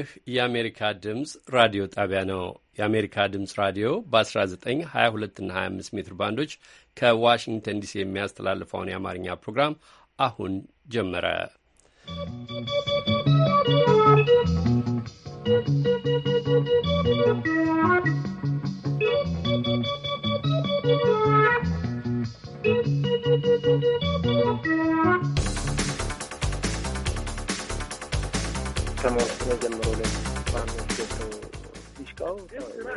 ይህ የአሜሪካ ድምፅ ራዲዮ ጣቢያ ነው። የአሜሪካ ድምፅ ራዲዮ በ 1922 እና 25 ሜትር ባንዶች ከዋሽንግተን ዲሲ የሚያስተላልፈውን የአማርኛ ፕሮግራም አሁን ጀመረ። ከመወስነ ጀምሮ ላይ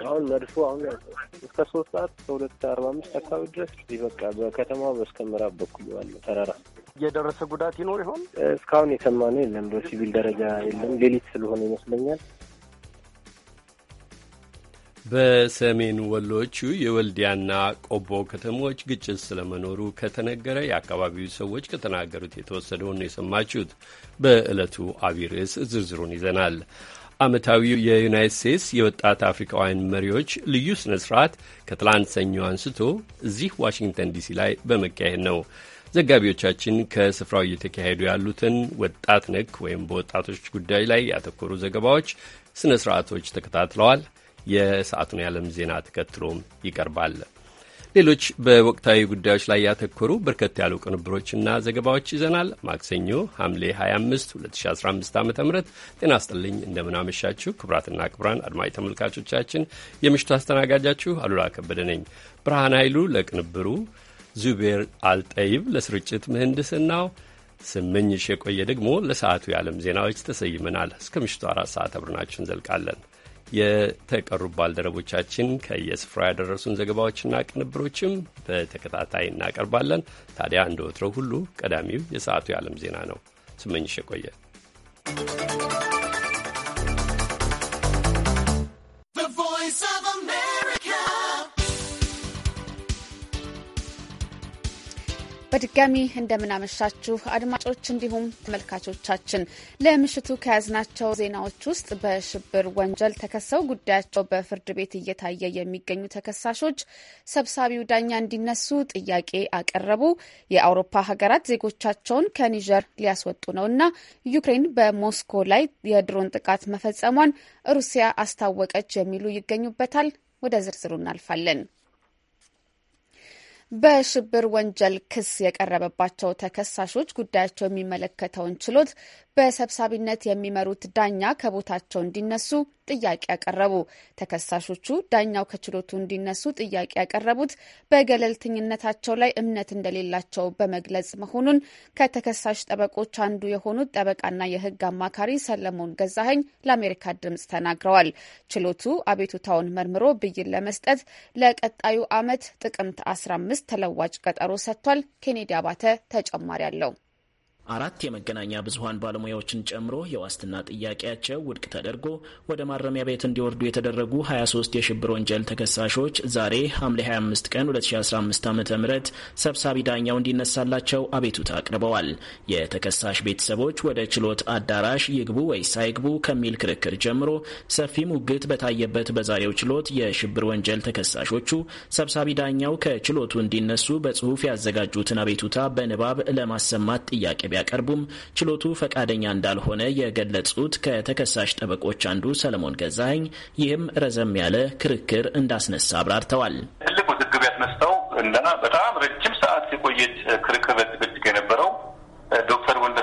አሁን መድፎ አሁን እስከ ሶስት ሰዓት ከሁለት አርባ አምስት አካባቢ ድረስ በቃ በከተማው በስከ ምዕራብ በኩል ባለው ተራራ የደረሰ ጉዳት ይኖር ይሆን? እስካሁን የሰማነው የለም። በሲቪል ደረጃ የለም። ሌሊት ስለሆነ ይመስለኛል በሰሜን ወሎቹ የወልዲያና ቆቦ ከተሞች ግጭት ስለመኖሩ ከተነገረ የአካባቢው ሰዎች ከተናገሩት የተወሰደውን ነው የሰማችሁት። በዕለቱ አቢይ ርዕስ ዝርዝሩን ይዘናል። ዓመታዊው የዩናይት ስቴትስ የወጣት አፍሪካውያን መሪዎች ልዩ ስነ ስርዓት ከትላንት ሰኞ አንስቶ እዚህ ዋሽንግተን ዲሲ ላይ በመካሄድ ነው። ዘጋቢዎቻችን ከስፍራው እየተካሄዱ ያሉትን ወጣት ነክ ወይም በወጣቶች ጉዳይ ላይ ያተኮሩ ዘገባዎች፣ ስነ ስርዓቶች ተከታትለዋል። የሰዓቱን የዓለም ዜና ተከትሎም ይቀርባል። ሌሎች በወቅታዊ ጉዳዮች ላይ ያተኮሩ በርከት ያሉ ቅንብሮችና ዘገባዎች ይዘናል። ማክሰኞ ሐምሌ 25 2015 ዓ ም ጤና ስጥልኝ፣ እንደምናመሻችሁ ክቡራትና ክቡራን አድማጭ ተመልካቾቻችን የምሽቱ አስተናጋጃችሁ አሉላ ከበደ ነኝ። ብርሃን ኃይሉ ለቅንብሩ፣ ዙቤር አልጠይብ ለስርጭት ምህንድስናው፣ ስመኝሽ የቆየ ደግሞ ለሰዓቱ የዓለም ዜናዎች ተሰይመናል። እስከ ምሽቱ አራት ሰዓት አብረናችሁ እንዘልቃለን። የተቀሩ ባልደረቦቻችን ከየስፍራ ያደረሱን ዘገባዎችና ቅንብሮችም በተከታታይ እናቀርባለን። ታዲያ እንደ ወትረው ሁሉ ቀዳሚው የሰዓቱ የዓለም ዜና ነው። ስመኝሽ የቆየ በድጋሚ እንደምናመሻችሁ አድማጮች፣ እንዲሁም ተመልካቾቻችን ለምሽቱ ከያዝናቸው ዜናዎች ውስጥ በሽብር ወንጀል ተከሰው ጉዳያቸው በፍርድ ቤት እየታየ የሚገኙ ተከሳሾች ሰብሳቢው ዳኛ እንዲነሱ ጥያቄ አቀረቡ፣ የአውሮፓ ሀገራት ዜጎቻቸውን ከኒጀር ሊያስወጡ ነው እና ዩክሬን በሞስኮ ላይ የድሮን ጥቃት መፈጸሟን ሩሲያ አስታወቀች የሚሉ ይገኙበታል። ወደ ዝርዝሩ እናልፋለን። በሽብር ወንጀል ክስ የቀረበባቸው ተከሳሾች ጉዳያቸው የሚመለከተውን ችሎት በሰብሳቢነት የሚመሩት ዳኛ ከቦታቸው እንዲነሱ ጥያቄ ያቀረቡ ተከሳሾቹ ዳኛው ከችሎቱ እንዲነሱ ጥያቄ ያቀረቡት በገለልተኝነታቸው ላይ እምነት እንደሌላቸው በመግለጽ መሆኑን ከተከሳሽ ጠበቆች አንዱ የሆኑት ጠበቃና የሕግ አማካሪ ሰለሞን ገዛኸኝ ለአሜሪካ ድምጽ ተናግረዋል። ችሎቱ አቤቱታውን መርምሮ ብይን ለመስጠት ለቀጣዩ ዓመት ጥቅምት 15 ተለዋጭ ቀጠሮ ሰጥቷል። ኬኔዲ አባተ ተጨማሪ አለው። አራት የመገናኛ ብዙሀን ባለሙያዎችን ጨምሮ የዋስትና ጥያቄያቸው ውድቅ ተደርጎ ወደ ማረሚያ ቤት እንዲወርዱ የተደረጉ 23 የሽብር ወንጀል ተከሳሾች ዛሬ ሐምሌ 25 ቀን 2015 ዓ ም ሰብሳቢ ዳኛው እንዲነሳላቸው አቤቱታ አቅርበዋል። የተከሳሽ ቤተሰቦች ወደ ችሎት አዳራሽ ይግቡ ወይ ሳይግቡ ከሚል ክርክር ጀምሮ ሰፊ ሙግት በታየበት በዛሬው ችሎት የሽብር ወንጀል ተከሳሾቹ ሰብሳቢ ዳኛው ከችሎቱ እንዲነሱ በጽሑፍ ያዘጋጁትን አቤቱታ በንባብ ለማሰማት ጥያቄ ቢያቀርቡም ችሎቱ ፈቃደኛ እንዳልሆነ የገለጹት ከተከሳሽ ጠበቆች አንዱ ሰለሞን ገዛኸኝ ይህም ረዘም ያለ ክርክር እንዳስነሳ አብራርተዋል። ትልቅ ውዝግብ ያስነሳው እና በጣም ረጅም ሰዓት የቆየ ክርክር በዚህ የነበረው ዶክተር ወንደ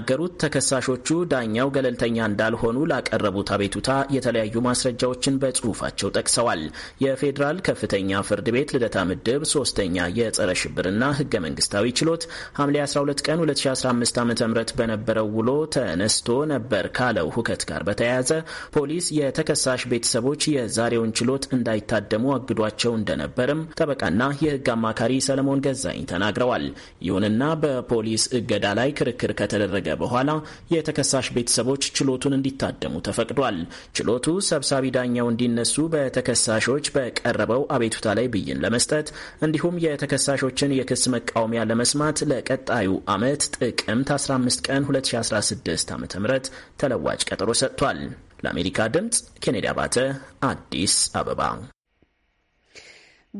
የተናገሩት ተከሳሾቹ ዳኛው ገለልተኛ እንዳልሆኑ ላቀረቡት አቤቱታ የተለያዩ ማስረጃዎችን በጽሁፋቸው ጠቅሰዋል። የፌዴራል ከፍተኛ ፍርድ ቤት ልደታ ምድብ ሶስተኛ የጸረ ሽብርና ህገ መንግስታዊ ችሎት ሐምሌ 12 ቀን 2015 ዓ ም በነበረው ውሎ ተነስቶ ነበር ካለው ሁከት ጋር በተያያዘ ፖሊስ የተከሳሽ ቤተሰቦች የዛሬውን ችሎት እንዳይታደሙ አግዷቸው እንደነበርም ጠበቃና የህግ አማካሪ ሰለሞን ገዛኝ ተናግረዋል። ይሁንና በፖሊስ እገዳ ላይ ክርክር ከተደረገ ከተካሄደ በኋላ የተከሳሽ ቤተሰቦች ችሎቱን እንዲታደሙ ተፈቅዷል። ችሎቱ ሰብሳቢ ዳኛው እንዲነሱ በተከሳሾች በቀረበው አቤቱታ ላይ ብይን ለመስጠት እንዲሁም የተከሳሾችን የክስ መቃወሚያ ለመስማት ለቀጣዩ ዓመት ጥቅምት 15 ቀን 2016 ዓ ም ተለዋጭ ቀጠሮ ሰጥቷል። ለአሜሪካ ድምፅ ኬኔዲ አባተ አዲስ አበባ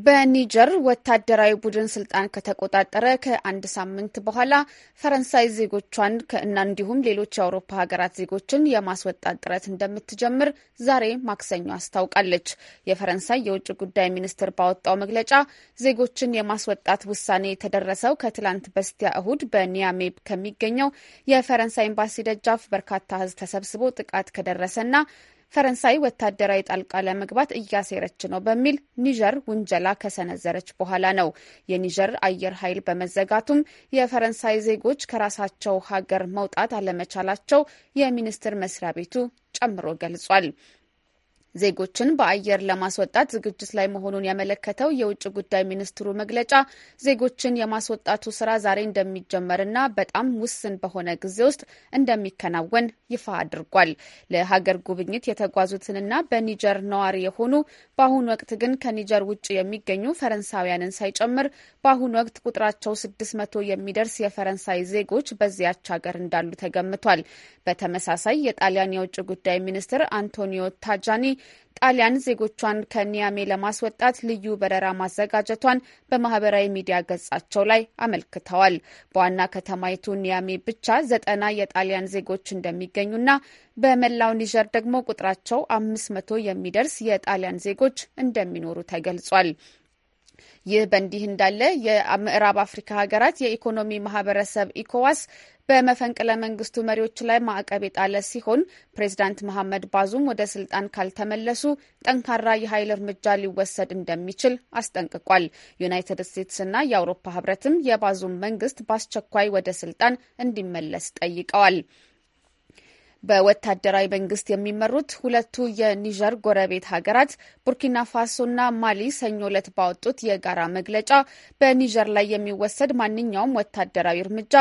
በኒጀር ወታደራዊ ቡድን ስልጣን ከተቆጣጠረ ከአንድ ሳምንት በኋላ ፈረንሳይ ዜጎቿን ከእና እንዲሁም ሌሎች የአውሮፓ ሀገራት ዜጎችን የማስወጣት ጥረት እንደምትጀምር ዛሬ ማክሰኞ አስታውቃለች። የፈረንሳይ የውጭ ጉዳይ ሚኒስትር ባወጣው መግለጫ ዜጎችን የማስወጣት ውሳኔ የተደረሰው ከትላንት በስቲያ እሁድ በኒያሜ ከሚገኘው የፈረንሳይ ኤምባሲ ደጃፍ በርካታ ሕዝብ ተሰብስቦ ጥቃት ከደረሰና ፈረንሳይ ወታደራዊ ጣልቃ ለመግባት እያሴረች ነው በሚል ኒጀር ውንጀላ ከሰነዘረች በኋላ ነው። የኒጀር አየር ኃይል በመዘጋቱም የፈረንሳይ ዜጎች ከራሳቸው ሀገር መውጣት አለመቻላቸው የሚኒስቴር መስሪያ ቤቱ ጨምሮ ገልጿል። ዜጎችን በአየር ለማስወጣት ዝግጅት ላይ መሆኑን ያመለከተው የውጭ ጉዳይ ሚኒስትሩ መግለጫ ዜጎችን የማስወጣቱ ስራ ዛሬ እንደሚጀመርና በጣም ውስን በሆነ ጊዜ ውስጥ እንደሚከናወን ይፋ አድርጓል። ለሀገር ጉብኝት የተጓዙትንና በኒጀር ነዋሪ የሆኑ በአሁኑ ወቅት ግን ከኒጀር ውጭ የሚገኙ ፈረንሳውያንን ሳይጨምር በአሁኑ ወቅት ቁጥራቸው ስድስት መቶ የሚደርስ የፈረንሳይ ዜጎች በዚያች ሀገር እንዳሉ ተገምቷል። በተመሳሳይ የጣሊያን የውጭ ጉዳይ ሚኒስትር አንቶኒዮ ታጃኒ ጣሊያን ዜጎቿን ከኒያሜ ለማስወጣት ልዩ በረራ ማዘጋጀቷን በማህበራዊ ሚዲያ ገጻቸው ላይ አመልክተዋል። በዋና ከተማይቱ ኒያሜ ብቻ ዘጠና የጣሊያን ዜጎች እንደሚገኙና በመላው ኒጀር ደግሞ ቁጥራቸው አምስት መቶ የሚደርስ የጣሊያን ዜጎች እንደሚኖሩ ተገልጿል። ይህ በእንዲህ እንዳለ የምዕራብ አፍሪካ ሀገራት የኢኮኖሚ ማህበረሰብ ኢኮዋስ በመፈንቅለ መንግስቱ መሪዎች ላይ ማዕቀብ የጣለ ሲሆን ፕሬዚዳንት መሐመድ ባዙም ወደ ስልጣን ካልተመለሱ ጠንካራ የኃይል እርምጃ ሊወሰድ እንደሚችል አስጠንቅቋል። ዩናይትድ ስቴትስና የአውሮፓ ህብረትም የባዙም መንግስት በአስቸኳይ ወደ ስልጣን እንዲመለስ ጠይቀዋል። በወታደራዊ መንግስት የሚመሩት ሁለቱ የኒጀር ጎረቤት ሀገራት ቡርኪና ፋሶና ማሊ ሰኞ ዕለት ባወጡት የጋራ መግለጫ በኒጀር ላይ የሚወሰድ ማንኛውም ወታደራዊ እርምጃ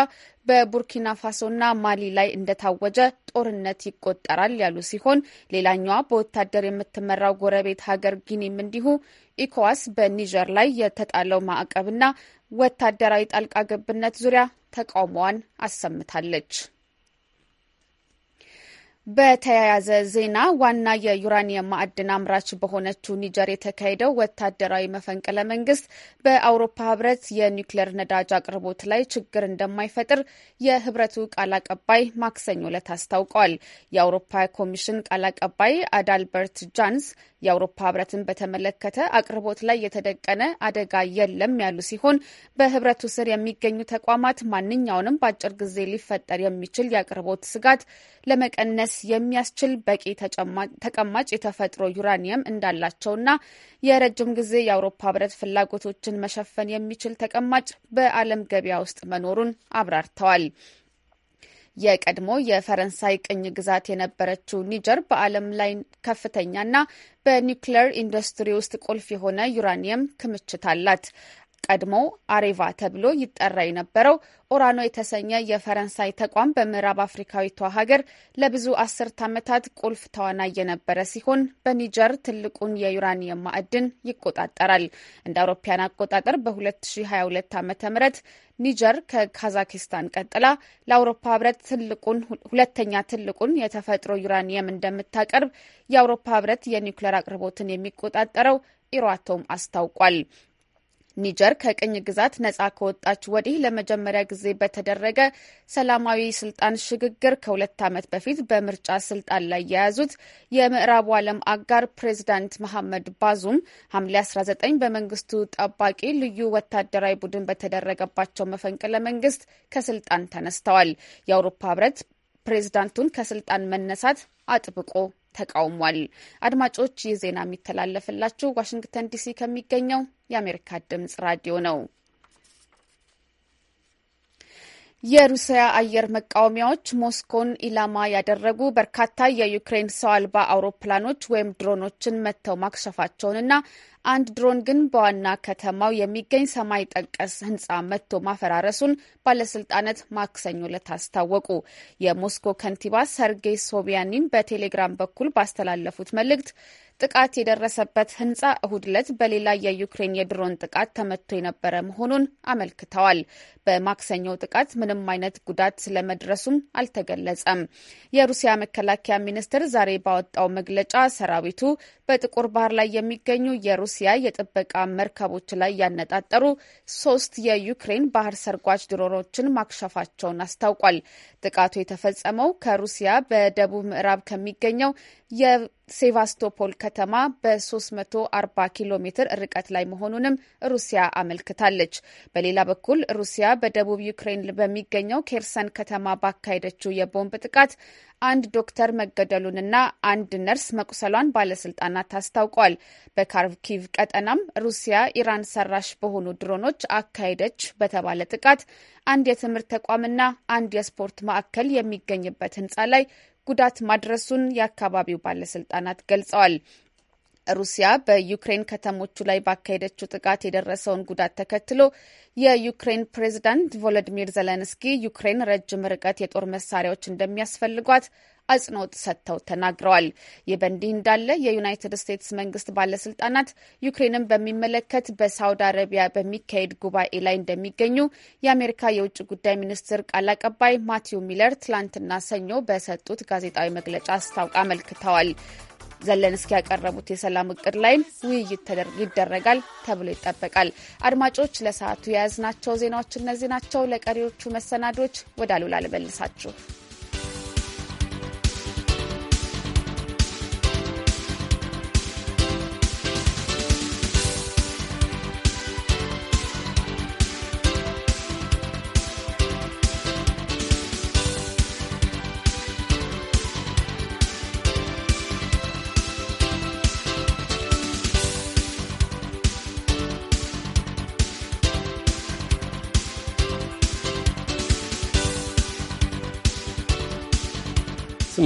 በቡርኪና ፋሶና ማሊ ላይ እንደታወጀ ጦርነት ይቆጠራል ያሉ ሲሆን ሌላኛዋ በወታደር የምትመራው ጎረቤት ሀገር ጊኒም እንዲሁ ኢኮዋስ በኒጀር ላይ የተጣለው ማዕቀብና ወታደራዊ ጣልቃ ገብነት ዙሪያ ተቃውሞዋን አሰምታለች። በተያያዘ ዜና ዋና የዩራኒየም ማዕድን አምራች በሆነችው ኒጀር የተካሄደው ወታደራዊ መፈንቅለ መንግስት በአውሮፓ ህብረት የኒውክሌር ነዳጅ አቅርቦት ላይ ችግር እንደማይፈጥር የህብረቱ ቃል አቀባይ ማክሰኞ ዕለት አስታውቀዋል። የአውሮፓ ኮሚሽን ቃል አቀባይ አዳልበርት ጃንስ የአውሮፓ ህብረትን በተመለከተ አቅርቦት ላይ የተደቀነ አደጋ የለም ያሉ ሲሆን በህብረቱ ስር የሚገኙ ተቋማት ማንኛውንም በአጭር ጊዜ ሊፈጠር የሚችል የአቅርቦት ስጋት ለመቀነስ የሚያስችል በቂ ተቀማጭ የተፈጥሮ ዩራኒየም እንዳላቸውና የረጅም ጊዜ የአውሮፓ ህብረት ፍላጎቶችን መሸፈን የሚችል ተቀማጭ በዓለም ገበያ ውስጥ መኖሩን አብራርተዋል። የቀድሞ የፈረንሳይ ቅኝ ግዛት የነበረችው ኒጀር በዓለም ላይ ከፍተኛና በኒውክሌር ኢንዱስትሪ ውስጥ ቁልፍ የሆነ ዩራኒየም ክምችት አላት። ቀድሞ አሬቫ ተብሎ ይጠራ የነበረው ኦራኖ የተሰኘ የፈረንሳይ ተቋም በምዕራብ አፍሪካዊቷ ሀገር ለብዙ አስርት ዓመታት ቁልፍ ተዋናይ የነበረ ሲሆን በኒጀር ትልቁን የዩራኒየም ማዕድን ይቆጣጠራል። እንደ አውሮፓያን አቆጣጠር በ2022 ዓ ም ኒጀር ከካዛኪስታን ቀጥላ ለአውሮፓ ህብረት ትልቁን ሁለተኛ ትልቁን የተፈጥሮ ዩራኒየም እንደምታቀርብ የአውሮፓ ህብረት የኒውክሌር አቅርቦትን የሚቆጣጠረው ኢሮአቶም አስታውቋል። ኒጀር ከቅኝ ግዛት ነጻ ከወጣች ወዲህ ለመጀመሪያ ጊዜ በተደረገ ሰላማዊ ስልጣን ሽግግር ከሁለት ዓመት በፊት በምርጫ ስልጣን ላይ የያዙት የምዕራቡ ዓለም አጋር ፕሬዚዳንት መሐመድ ባዙም ሐምሌ 19 በመንግስቱ ጠባቂ ልዩ ወታደራዊ ቡድን በተደረገባቸው መፈንቅለ መንግስት ከስልጣን ተነስተዋል። የአውሮፓ ህብረት ፕሬዚዳንቱን ከስልጣን መነሳት አጥብቆ ተቃውሟል። አድማጮች ይህ ዜና የሚተላለፍላችሁ ዋሽንግተን ዲሲ ከሚገኘው የአሜሪካ ድምጽ ራዲዮ ነው። የሩሲያ አየር መቃወሚያዎች ሞስኮን ኢላማ ያደረጉ በርካታ የዩክሬን ሰው አልባ አውሮፕላኖች ወይም ድሮኖችን መጥተው ማክሸፋቸውንና አንድ ድሮን ግን በዋና ከተማው የሚገኝ ሰማይ ጠቀስ ህንፃ መጥቶ ማፈራረሱን ባለስልጣናት ማክሰኞ ዕለት አስታወቁ። የሞስኮ ከንቲባ ሰርጌይ ሶቢያኒን በቴሌግራም በኩል ባስተላለፉት መልእክት ጥቃት የደረሰበት ህንጻ እሁድ ዕለት በሌላ የዩክሬን የድሮን ጥቃት ተመቶ የነበረ መሆኑን አመልክተዋል። በማክሰኞው ጥቃት ምንም አይነት ጉዳት ስለመድረሱም አልተገለጸም። የሩሲያ መከላከያ ሚኒስቴር ዛሬ ባወጣው መግለጫ ሰራዊቱ በጥቁር ባህር ላይ የሚገኙ የሩሲያ የጥበቃ መርከቦች ላይ ያነጣጠሩ ሶስት የዩክሬን ባህር ሰርጓጅ ድሮኖችን ማክሸፋቸውን አስታውቋል። ጥቃቱ የተፈጸመው ከሩሲያ በደቡብ ምዕራብ ከሚገኘው ሴቫስቶፖል ከተማ በ340 ኪሎ ሜትር ርቀት ላይ መሆኑንም ሩሲያ አመልክታለች። በሌላ በኩል ሩሲያ በደቡብ ዩክሬን በሚገኘው ኬርሰን ከተማ ባካሄደችው የቦምብ ጥቃት አንድ ዶክተር መገደሉንና አንድ ነርስ መቁሰሏን ባለስልጣናት አስታውቋል። በካርኪቭ ቀጠናም ሩሲያ ኢራን ሰራሽ በሆኑ ድሮኖች አካሄደች በተባለ ጥቃት አንድ የትምህርት ተቋምና አንድ የስፖርት ማዕከል የሚገኝበት ህንፃ ላይ ጉዳት ማድረሱን የአካባቢው ባለስልጣናት ገልጸዋል። ሩሲያ በዩክሬን ከተሞቹ ላይ ባካሄደችው ጥቃት የደረሰውን ጉዳት ተከትሎ የዩክሬን ፕሬዝዳንት ቮሎዲሚር ዘለንስኪ ዩክሬን ረጅም ርቀት የጦር መሳሪያዎች እንደሚያስፈልጓት አጽንኦት ሰጥተው ተናግረዋል። ይህ በእንዲህ እንዳለ የዩናይትድ ስቴትስ መንግስት ባለስልጣናት ዩክሬንን በሚመለከት በሳውዲ አረቢያ በሚካሄድ ጉባኤ ላይ እንደሚገኙ የአሜሪካ የውጭ ጉዳይ ሚኒስትር ቃል አቀባይ ማቲው ሚለር ትላንትና ሰኞ በሰጡት ጋዜጣዊ መግለጫ አስታውቅ አመልክተዋል። ዘለንስኪ ያቀረቡት የሰላም እቅድ ላይም ውይይት ይደረጋል ተብሎ ይጠበቃል። አድማጮች፣ ለሰዓቱ የያዝናቸው ዜናዎች እነዚህ ናቸው። ለቀሪዎቹ መሰናዶች ወደ አሉላ ልመልሳችሁ።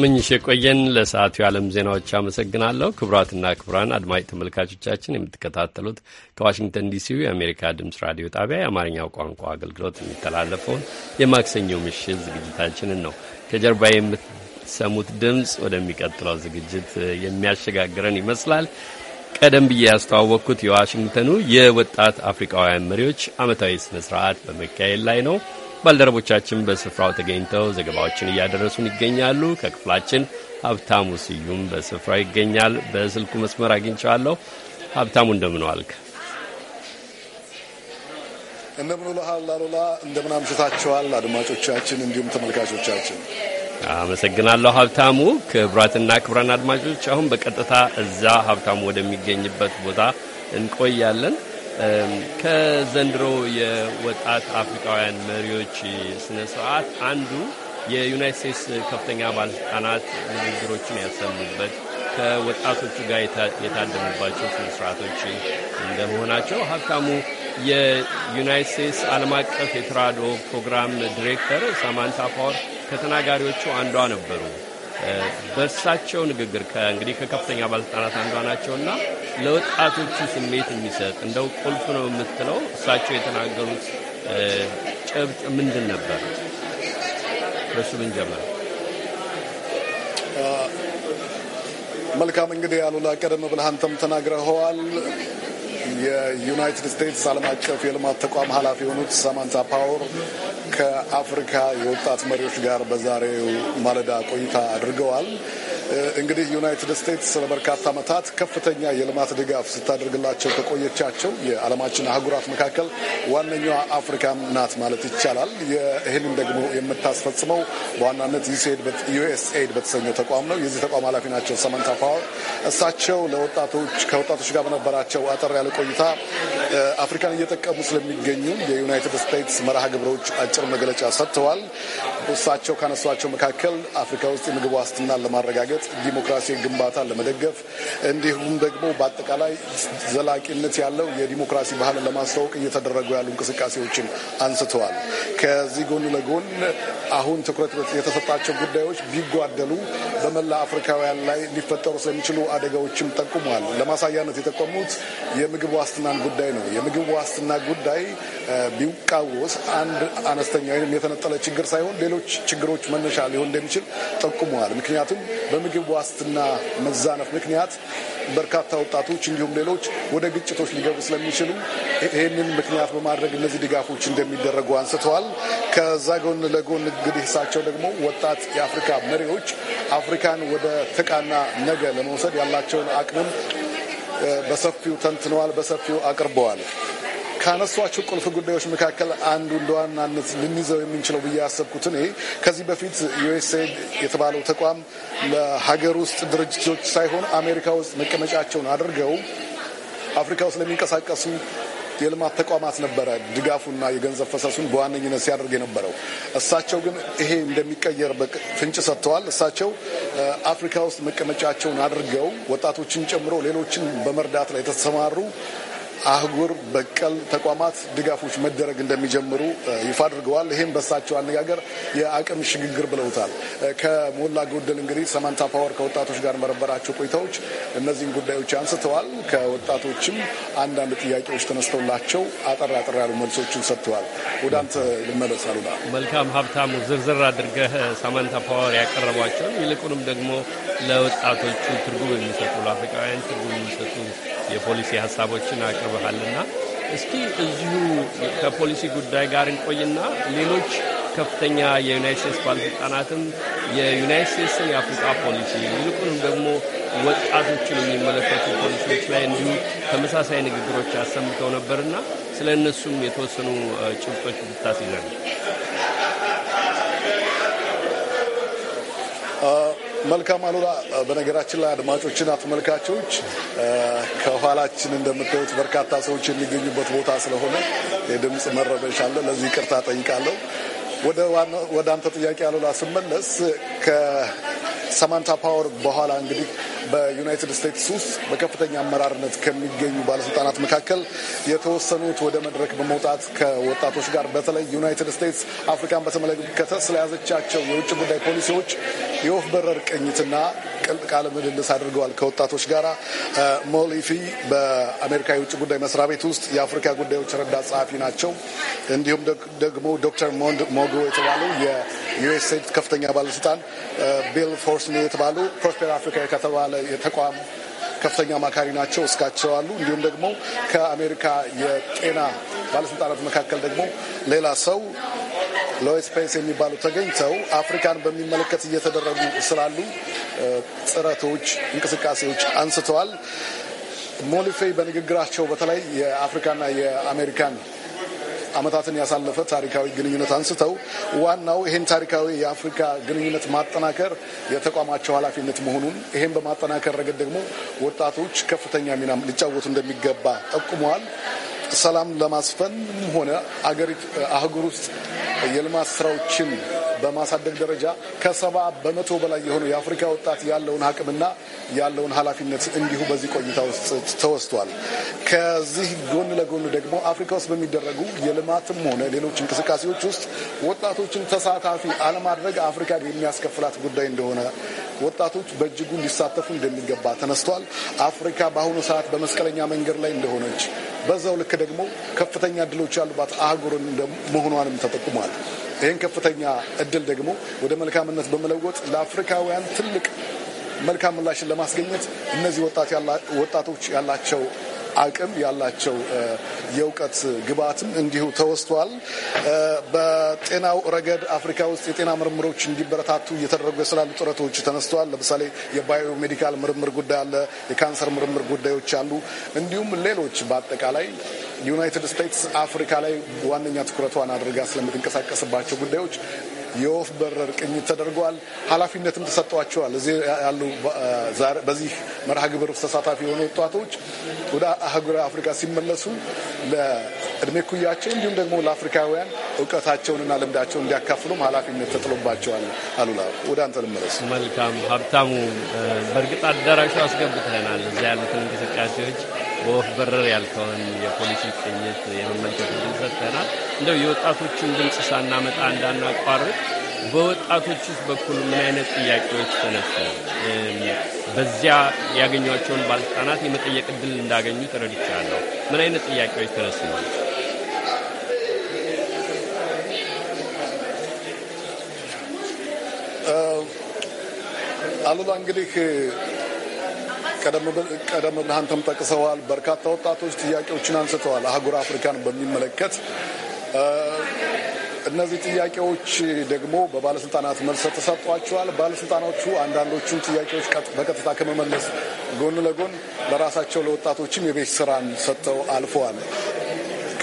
ስመኝሽ የቆየን ለሰዓቱ የዓለም ዜናዎች አመሰግናለሁ። ክቡራትና ክቡራን አድማጭ ተመልካቾቻችን የምትከታተሉት ከዋሽንግተን ዲሲው የአሜሪካ ድምፅ ራዲዮ ጣቢያ የአማርኛው ቋንቋ አገልግሎት የሚተላለፈውን የማክሰኞ ምሽት ዝግጅታችንን ነው። ከጀርባ የምትሰሙት ድምፅ ወደሚቀጥለው ዝግጅት የሚያሸጋግረን ይመስላል። ቀደም ብዬ ያስተዋወቅኩት የዋሽንግተኑ የወጣት አፍሪካውያን መሪዎች ዓመታዊ ስነ ስርዓት በመካሄድ ላይ ነው። ባልደረቦቻችን በስፍራው ተገኝተው ዘገባዎችን እያደረሱን ይገኛሉ። ከክፍላችን ሀብታሙ ስዩም በስፍራው ይገኛል። በስልኩ መስመር አግኝቸዋለሁ። ሀብታሙ እንደምን ዋልክ? እንደምን ውለሃል አሉላ? እንደምን አምሽታችኋል አድማጮቻችን፣ እንዲሁም ተመልካቾቻችን አመሰግናለሁ ሀብታሙ። ክቡራትና ክቡራን አድማጮች አሁን በቀጥታ እዛ ሀብታሙ ወደሚገኝበት ቦታ እንቆያለን። ከዘንድሮ የወጣት አፍሪካውያን መሪዎች ስነ ስርዓት አንዱ የዩናይት ስቴትስ ከፍተኛ ባለስልጣናት ንግግሮችን ያሰሙበት ከወጣቶቹ ጋር የታደሙባቸው ስነ ስርዓቶች እንደመሆናቸው ሀብታሙ የዩናይት ስቴትስ ዓለም አቀፍ የተራድኦ ፕሮግራም ዲሬክተር ሳማንታ ፓወር ከተናጋሪዎቹ አንዷ ነበሩ። በእሳቸው ንግግር እንግዲህ ከከፍተኛ ባለስልጣናት አንዷ ናቸውና ለወጣቶቹ ስሜት የሚሰጥ እንደው ቁልፍ ነው የምትለው እሳቸው የተናገሩት ጭብጥ ምንድን ነበር? ምን ብንጀምር መልካም። እንግዲህ አሉላ ቀደም ብለህ አንተም ተናግረኸዋል። የዩናይትድ ስቴትስ ዓለም አቀፍ የልማት ተቋም ኃላፊ የሆኑት ሳማንታ ፓወር ከአፍሪካ የወጣት መሪዎች ጋር በዛሬው ማለዳ ቆይታ አድርገዋል። እንግዲህ ዩናይትድ ስቴትስ ለበርካታ ዓመታት ከፍተኛ የልማት ድጋፍ ስታደርግላቸው ከቆየቻቸው የዓለማችን አህጉራት መካከል ዋነኛዋ አፍሪካም ናት ማለት ይቻላል። ይህንን ደግሞ የምታስፈጽመው በዋናነት ዩኤስኤድ በተሰኘው ተቋም ነው። የዚህ ተቋም ኃላፊ ናቸው ሰመንታ ፓወር። እሳቸው ለወጣቶች ከወጣቶች ጋር በነበራቸው አጠር ያለ ቆይታ አፍሪካን እየጠቀሙ ስለሚገኙ የዩናይትድ ስቴትስ መርሃ ግብሮች አጭር አጭር መግለጫ ሰጥተዋል። እሳቸው ካነሷቸው መካከል አፍሪካ ውስጥ የምግብ ዋስትናን ለማረጋገጥ፣ ዲሞክራሲ ግንባታን ለመደገፍ እንዲሁም ደግሞ በአጠቃላይ ዘላቂነት ያለው የዲሞክራሲ ባህልን ለማስተዋወቅ እየተደረጉ ያሉ እንቅስቃሴዎችን አንስተዋል። ከዚህ ጎን ለጎን አሁን ትኩረት የተሰጣቸው ጉዳዮች ቢጓደሉ በመላ አፍሪካውያን ላይ ሊፈጠሩ ስለሚችሉ አደጋዎችም ጠቁመዋል። ለማሳያነት የጠቆሙት የምግብ ዋስትናን ጉዳይ ነው። የምግብ ዋስትና ጉዳይ ቢቃወስ አንድ አነስ ገለልተኛ ወይም የተነጠለ ችግር ሳይሆን ሌሎች ችግሮች መነሻ ሊሆን እንደሚችል ጠቁመዋል። ምክንያቱም በምግብ ዋስትና መዛነፍ ምክንያት በርካታ ወጣቶች እንዲሁም ሌሎች ወደ ግጭቶች ሊገቡ ስለሚችሉ ይህንን ምክንያት በማድረግ እነዚህ ድጋፎች እንደሚደረጉ አንስተዋል። ከዛ ጎን ለጎን እንግዲህ እሳቸው ደግሞ ወጣት የአፍሪካ መሪዎች አፍሪካን ወደ ተቃና ነገ ለመውሰድ ያላቸውን አቅምም በሰፊው ተንትነዋል፣ በሰፊው አቅርበዋል። ካነሷቸው ቁልፍ ጉዳዮች መካከል አንዱ እንደ ዋናነት ልንይዘው የምንችለው ብዬ ያሰብኩት እኔ ከዚህ በፊት ዩኤስኤድ የተባለው ተቋም ለሀገር ውስጥ ድርጅቶች ሳይሆን አሜሪካ ውስጥ መቀመጫቸውን አድርገው አፍሪካ ውስጥ ለሚንቀሳቀሱ የልማት ተቋማት ነበረ ድጋፉና የገንዘብ ፈሰሱን በዋነኝነት ሲያደርግ የነበረው። እሳቸው ግን ይሄ እንደሚቀየር ፍንጭ ሰጥተዋል። እሳቸው አፍሪካ ውስጥ መቀመጫቸውን አድርገው ወጣቶችን ጨምሮ ሌሎችን በመርዳት ላይ የተሰማሩ አህጉር በቀል ተቋማት ድጋፎች መደረግ እንደሚጀምሩ ይፋ አድርገዋል። ይህም በሳቸው አነጋገር የአቅም ሽግግር ብለውታል። ከሞላ ጎደል እንግዲህ ሰማንታ ፓወር ከወጣቶች ጋር መረበራቸው ቆይታዎች እነዚህን ጉዳዮች አንስተዋል። ከወጣቶችም አንዳንድ ጥያቄዎች ተነስተውላቸው አጠር አጠር ያሉ መልሶችን ሰጥተዋል። ወደ አንተ ልመለስ አሉላ። መልካም ሀብታሙ፣ ዝርዝር አድርገህ ሰማንታ ፓወር ያቀረቧቸውን ይልቁንም ደግሞ ለወጣቶቹ ትርጉም የሚሰጡ ለአፍሪካውያን ትርጉም የሚሰጡ የፖሊሲ ሀሳቦችን አቅርበሃልና እስኪ እዚሁ ከፖሊሲ ጉዳይ ጋር እንቆይና ሌሎች ከፍተኛ የዩናይት ስቴትስ ባለስልጣናትም የዩናይት ስቴትስን የአፍሪቃ ፖሊሲ ይልቁንም ደግሞ ወጣቶችን የሚመለከቱ ፖሊሲዎች ላይ እንዲሁ ተመሳሳይ ንግግሮች አሰምተው ነበርና ስለ እነሱም የተወሰኑ ጭብጦች ብታስይዘን መልካም አሉላ። በነገራችን ላይ አድማጮችና ተመልካቾች ከኋላችን እንደምታዩት በርካታ ሰዎች የሚገኙበት ቦታ ስለሆነ የድምፅ መረበሻ አለ። ለዚህ ይቅርታ ጠይቃለሁ። ወደ አንተ ጥያቄ አሉላ ስመለስ ከሰማንታ ፓወር በኋላ እንግዲህ በዩናይትድ ስቴትስ ውስጥ በከፍተኛ አመራርነት ከሚገኙ ባለስልጣናት መካከል የተወሰኑት ወደ መድረክ በመውጣት ከወጣቶች ጋር በተለይ ዩናይትድ ስቴትስ አፍሪካን በተመለከተ ስለያዘቻቸው የውጭ ጉዳይ ፖሊሲዎች የወፍ በረር ቅኝትና ቅልጥ ቃለ ምልልስ አድርገዋል ከወጣቶች ጋር። ሞሊፊ በአሜሪካ የውጭ ጉዳይ መስሪያ ቤት ውስጥ የአፍሪካ ጉዳዮች ረዳት ጸሐፊ ናቸው። እንዲሁም ደግሞ ዶክተር ሞንድ የተባሉ የዩኤስኤድ ከፍተኛ ባለስልጣን፣ ቢል ፎርስኒ የተባሉ ፕሮስፔር አፍሪካ ከተባለ የተቋም ከፍተኛ አማካሪ ናቸው። እስካቸው አሉ። እንዲሁም ደግሞ ከአሜሪካ የጤና ባለስልጣናት መካከል ደግሞ ሌላ ሰው ሎይስ ፔንስ የሚባሉ ተገኝተው አፍሪካን በሚመለከት እየተደረጉ ስላሉ ጥረቶች፣ እንቅስቃሴዎች አንስተዋል። ሞሊፌ በንግግራቸው በተለይ የአፍሪካና የአሜሪካን ዓመታትን ያሳለፈ ታሪካዊ ግንኙነት አንስተው ዋናው ይህን ታሪካዊ የአፍሪካ ግንኙነት ማጠናከር የተቋማቸው ኃላፊነት መሆኑን ይህን በማጠናከር ረገድ ደግሞ ወጣቶች ከፍተኛ ሚና ሊጫወቱ እንደሚገባ ጠቁመዋል። ሰላም ለማስፈን ሆነ አገሪቱ አህጉር ውስጥ የልማት ስራዎችን በማሳደግ ደረጃ ከሰባ በመቶ በላይ የሆነው የአፍሪካ ወጣት ያለውን አቅምና ያለውን ኃላፊነት እንዲሁ በዚህ ቆይታ ውስጥ ተወስቷል። ከዚህ ጎን ለጎን ደግሞ አፍሪካ ውስጥ በሚደረጉ የልማትም ሆነ ሌሎች እንቅስቃሴዎች ውስጥ ወጣቶችን ተሳታፊ አለማድረግ አፍሪካን የሚያስከፍላት ጉዳይ እንደሆነ ወጣቶች በእጅጉ ሊሳተፉ እንደሚገባ ተነስቷል። አፍሪካ በአሁኑ ሰዓት በመስቀለኛ መንገድ ላይ እንደሆነች በዛው ልክ ደግሞ ከፍተኛ እድሎች ያሉባት አህጉር መሆኗንም ተጠቁሟል። ይህን ከፍተኛ እድል ደግሞ ወደ መልካምነት በመለወጥ ለአፍሪካውያን ትልቅ መልካም ምላሽን ለማስገኘት እነዚህ ወጣቶች ያላቸው አቅም ያላቸው የእውቀት ግብዓትም እንዲሁ ተወስቷል። በጤናው ረገድ አፍሪካ ውስጥ የጤና ምርምሮች እንዲበረታቱ እየተደረጉ ስላሉ ጥረቶች ተነስተዋል። ለምሳሌ የባዮ ሜዲካል ምርምር ጉዳይ አለ፣ የካንሰር ምርምር ጉዳዮች አሉ። እንዲሁም ሌሎች በአጠቃላይ ዩናይትድ ስቴትስ አፍሪካ ላይ ዋነኛ ትኩረቷን አድርጋ ስለምትንቀሳቀስባቸው ጉዳዮች የወፍ በረር ቅኝት ተደርገዋል። ኃላፊነትም ተሰጥቷቸዋል። እዚህ ያሉ በዚህ መርሃ ግብር ተሳታፊ የሆኑ ወጣቶች ወደ አህጉረ አፍሪካ ሲመለሱ ለእድሜ ኩያቸው እንዲሁም ደግሞ ለአፍሪካውያን እውቀታቸውንና ልምዳቸውን እንዲያካፍሉም ኃላፊነት ተጥሎባቸዋል። አሉላ ወደ አንተ ልመለስ። መልካም ሀብታሙ፣ በእርግጥ አዳራሹ አስገብተናል እዚያ ያሉትን እንቅስቃሴዎች በወፍ በረር ያልከውን የፖሊሲ ቅኝት የመመልከት ድል ሰጥተናል። እንደው የወጣቶቹን ድምፅ ሳናመጣ እንዳናቋርጥ በወጣቶች ውስጥ በኩል ምን አይነት ጥያቄዎች ተነሱ? በዚያ ያገኟቸውን ባለስልጣናት የመጠየቅ እድል እንዳገኙ ተረድቻለሁ። ምን አይነት ጥያቄዎች ተነሱ ነው? አሉላ እንግዲህ ቀደም ብለህ አንተም ጠቅሰዋል። በርካታ ወጣቶች ጥያቄዎችን አንስተዋል። አህጉር አፍሪካን በሚመለከት እነዚህ ጥያቄዎች ደግሞ በባለስልጣናት መልስ ተሰጥቷቸዋል። ባለስልጣናቹ አንዳንዶቹን ጥያቄዎች በቀጥታ ከመመለስ ጎን ለጎን ለራሳቸው ለወጣቶችም የቤት ስራን ሰጥተው አልፈዋል።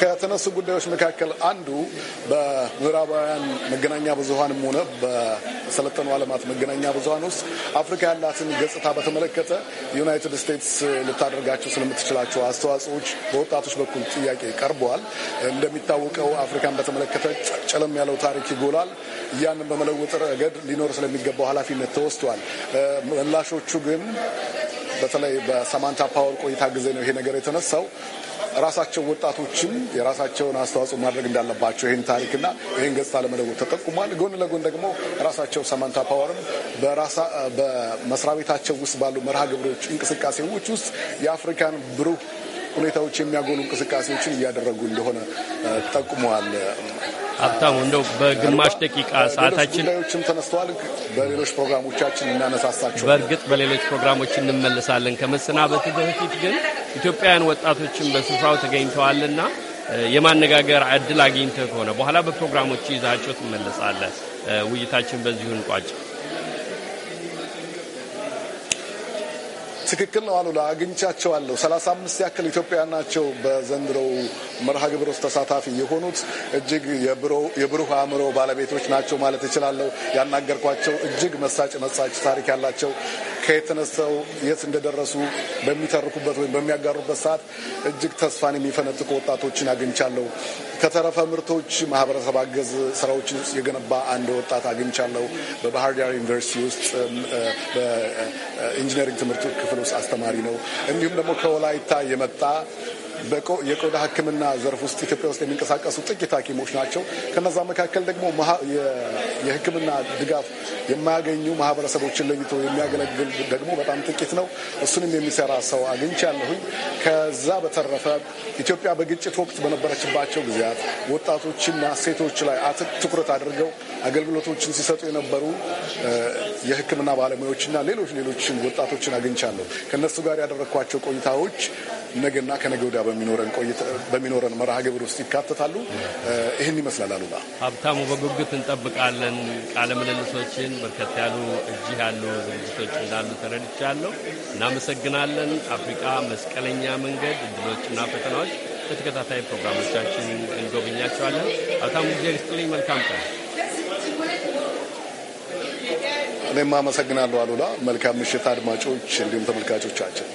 ከተነሱ ጉዳዮች መካከል አንዱ በምዕራባውያን መገናኛ ብዙሀንም ሆነ በሰለጠኑ ዓለማት መገናኛ ብዙሀን ውስጥ አፍሪካ ያላትን ገጽታ በተመለከተ ዩናይትድ ስቴትስ ልታደርጋቸው ስለምትችላቸው አስተዋጽኦዎች በወጣቶች በኩል ጥያቄ ቀርበዋል። እንደሚታወቀው አፍሪካን በተመለከተ ጨለም ያለው ታሪክ ይጎላል። ያንን በመለወጥ ረገድ ሊኖር ስለሚገባው ኃላፊነት ተወስቷል። ምላሾቹ ግን በተለይ በሳማንታ ፓወር ቆይታ ጊዜ ነው ይሄ ነገር የተነሳው። ራሳቸው ወጣቶችም የራሳቸውን አስተዋጽኦ ማድረግ እንዳለባቸው ይህን ታሪክና ይህን ገጽታ ለመለወጥ ተጠቁሟል። ጎን ለጎን ደግሞ ራሳቸው ሰማንታ ፓወርም በመስሪያ ቤታቸው ውስጥ ባሉ መርሃ ግብሮች እንቅስቃሴዎች ውስጥ የአፍሪካን ብሩህ ሁኔታዎች የሚያጎሉ እንቅስቃሴዎችን እያደረጉ እንደሆነ ጠቁመዋል። ሀብታሙ እንደው በግማሽ ደቂቃ ሰዓታችን ጉዳዮችም ተነስተዋል። በሌሎች ፕሮግራሞቻችን እናነሳሳቸው። በእርግጥ በሌሎች ፕሮግራሞች እንመልሳለን። ከመሰናበት በፊት ግን ኢትዮጵያውያን ወጣቶችን በስፍራው ተገኝተዋልና የማነጋገር ዕድል አግኝተህ ከሆነ በኋላ በፕሮግራሞች ይዛቸው ትመለሳለህ። ውይይታችን በዚሁ እንቋጭ። ትክክል ነው አሉላ አግኝቻቸዋለሁ። ሰላሳ ያክል ኢትዮጵያ ናቸው በዘንድሮው መርሃ ግብር ውስጥ ተሳታፊ የሆኑት እጅግ የብሩህ አእምሮ ባለቤቶች ናቸው ማለት እችላለሁ። ያናገርኳቸው እጅግ መሳጭ መሳጭ ታሪክ ያላቸው ከየት ተነስተው የት እንደደረሱ በሚተርኩበት ወይም በሚያጋሩበት ሰዓት እጅግ ተስፋን የሚፈነጥቁ ወጣቶችን አግኝቻለሁ። ከተረፈ ምርቶች ማህበረሰብ አገዝ ስራዎች ውስጥ የገነባ አንድ ወጣት አግኝቻለሁ። በባህር ዳር ዩኒቨርሲቲ ውስጥ በኢንጂነሪንግ ትምህርት ክፍል ውስጥ አስተማሪ ነው። እንዲሁም ደግሞ ከወላይታ የመጣ የቆዳ ሕክምና ዘርፍ ውስጥ ኢትዮጵያ ውስጥ የሚንቀሳቀሱ ጥቂት ሐኪሞች ናቸው። ከነዛ መካከል ደግሞ የሕክምና ድጋፍ የማያገኙ ማህበረሰቦችን ለይቶ የሚያገለግል ደግሞ በጣም ጥቂት ነው። እሱንም የሚሰራ ሰው አግኝቻለሁኝ። ከዛ በተረፈ ኢትዮጵያ በግጭት ወቅት በነበረችባቸው ጊዜያት ወጣቶችና ሴቶች ላይ ትኩረት አድርገው አገልግሎቶችን ሲሰጡ የነበሩ የሕክምና ባለሙያዎችና ሌሎች ሌሎችን ወጣቶችን አግኝቻለሁ። ከእነሱ ጋር ያደረግኳቸው ቆይታዎች ነገና ከነገ ወዲያ በሚኖረን ቆይታ በሚኖረን መርሃ ግብር ውስጥ ይካተታሉ። ይህን ይመስላል። አሉላ ሀብታሙ፣ በጉጉት እንጠብቃለን። ቃለ ምልልሶችን በርከት ያሉ እጅህ ያሉ ዝግጅቶች እንዳሉ ተረድቻለሁ። እናመሰግናለን። አፍሪቃ መስቀለኛ መንገድ እድሎችና ፈተናዎች በተከታታይ ፕሮግራሞቻችን እንጎብኛቸዋለን። ሀብታሙ ጊዜ ርስጥልኝ። መልካም ቀን። እኔም አመሰግናለሁ አሉላ። መልካም ምሽት አድማጮች፣ እንዲሁም ተመልካቾቻችን።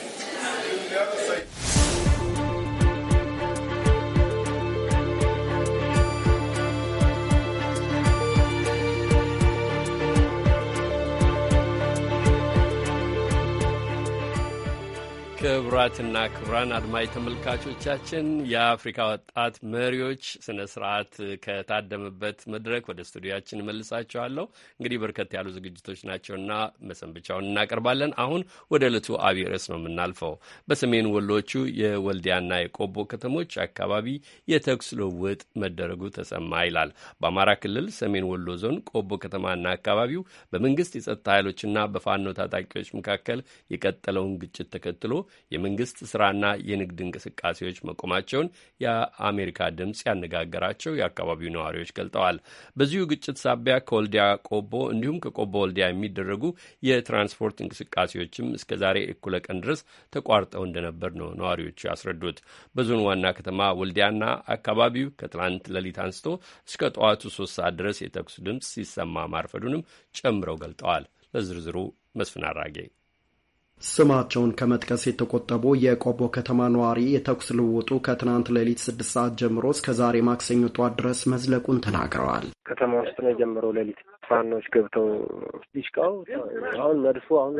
ክቡራትና ክቡራን አድማጭ ተመልካቾቻችን የአፍሪካ ወጣት መሪዎች ስነ ስርዓት ከታደመበት መድረክ ወደ ስቱዲያችን መልሳችኋለሁ። እንግዲህ በርከት ያሉ ዝግጅቶች ናቸውና መሰንብቻውን እናቀርባለን። አሁን ወደ ዕለቱ አብይ ርዕስ ነው የምናልፈው። በሰሜን ወሎቹ የወልዲያና የቆቦ ከተሞች አካባቢ የተኩስ ልውውጥ መደረጉ ተሰማ ይላል። በአማራ ክልል ሰሜን ወሎ ዞን ቆቦ ከተማና አካባቢው በመንግስት የጸጥታ ኃይሎችና በፋኖ ታጣቂዎች መካከል የቀጠለውን ግጭት ተከትሎ የመንግስት ስራና የንግድ እንቅስቃሴዎች መቆማቸውን የአሜሪካ ድምፅ ያነጋገራቸው የአካባቢው ነዋሪዎች ገልጠዋል። በዚሁ ግጭት ሳቢያ ከወልዲያ ቆቦ እንዲሁም ከቆቦ ወልዲያ የሚደረጉ የትራንስፖርት እንቅስቃሴዎችም እስከ ዛሬ እኩለ ቀን ድረስ ተቋርጠው እንደነበር ነው ነዋሪዎቹ ያስረዱት። በዞን ዋና ከተማ ወልዲያና አካባቢው ከትላንት ሌሊት አንስቶ እስከ ጠዋቱ ሶስት ሰዓት ድረስ የተኩስ ድምፅ ሲሰማ ማርፈዱንም ጨምረው ገልጠዋል። ለዝርዝሩ መስፍን አራጌ ስማቸውን ከመጥቀስ የተቆጠቡ የቆቦ ከተማ ነዋሪ የተኩስ ልውጡ ከትናንት ሌሊት ስድስት ሰዓት ጀምሮ እስከ ዛሬ ማክሰኞ ድረስ መዝለቁን ተናግረዋል። ከተማ ውስጥ ነው የጀመረው ሌሊት ፋኖች ገብተው ሊሽቀው አሁን መድፎ አሁን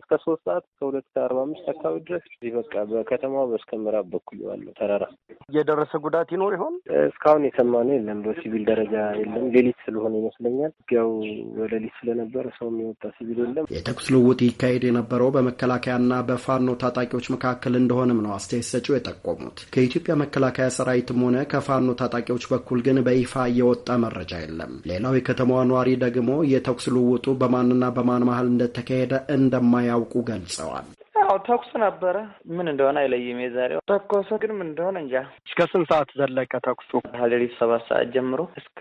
እስከ ሶስት ሰዓት ከሁለት ከአርባ አምስት አካባቢ ድረስ በቃ በከተማው በስከ ምዕራብ በኩል ባለው ተራራ የደረሰ ጉዳት ይኖር ይሆን? እስካሁን የሰማነው የለም። በሲቪል ደረጃ የለም። ሌሊት ስለሆነ ይመስለኛል። ያው በሌሊት ስለነበረ ሰው የወጣ ሲቪል የለም። የተኩስ ልውውጥ ይካሄድ የነበረው በመከላከያና በፋኖ ታጣቂዎች መካከል እንደሆነም ነው አስተያየት ሰጪው የጠቆሙት። ከኢትዮጵያ መከላከያ ሰራዊትም ሆነ ከፋኖ ታጣቂዎች በኩል ግን በይፋ የወጣ መረጃ የለም። ሌላው የከተማዋ ነዋሪ ደግሞ የተኩስ ልውውጡ በማንና በማን መሀል እንደተካሄደ እንደማያውቁ ገልጸዋል። ያው ተኩስ ነበረ። ምን እንደሆነ አይለይም። የዛሬው ተኮሰ ግን ምን እንደሆነ እንጃ። እስከ ስንት ሰዓት ዘለቀ ተኩሱ? ከሌሊቱ ሰባት ሰዓት ጀምሮ እስከ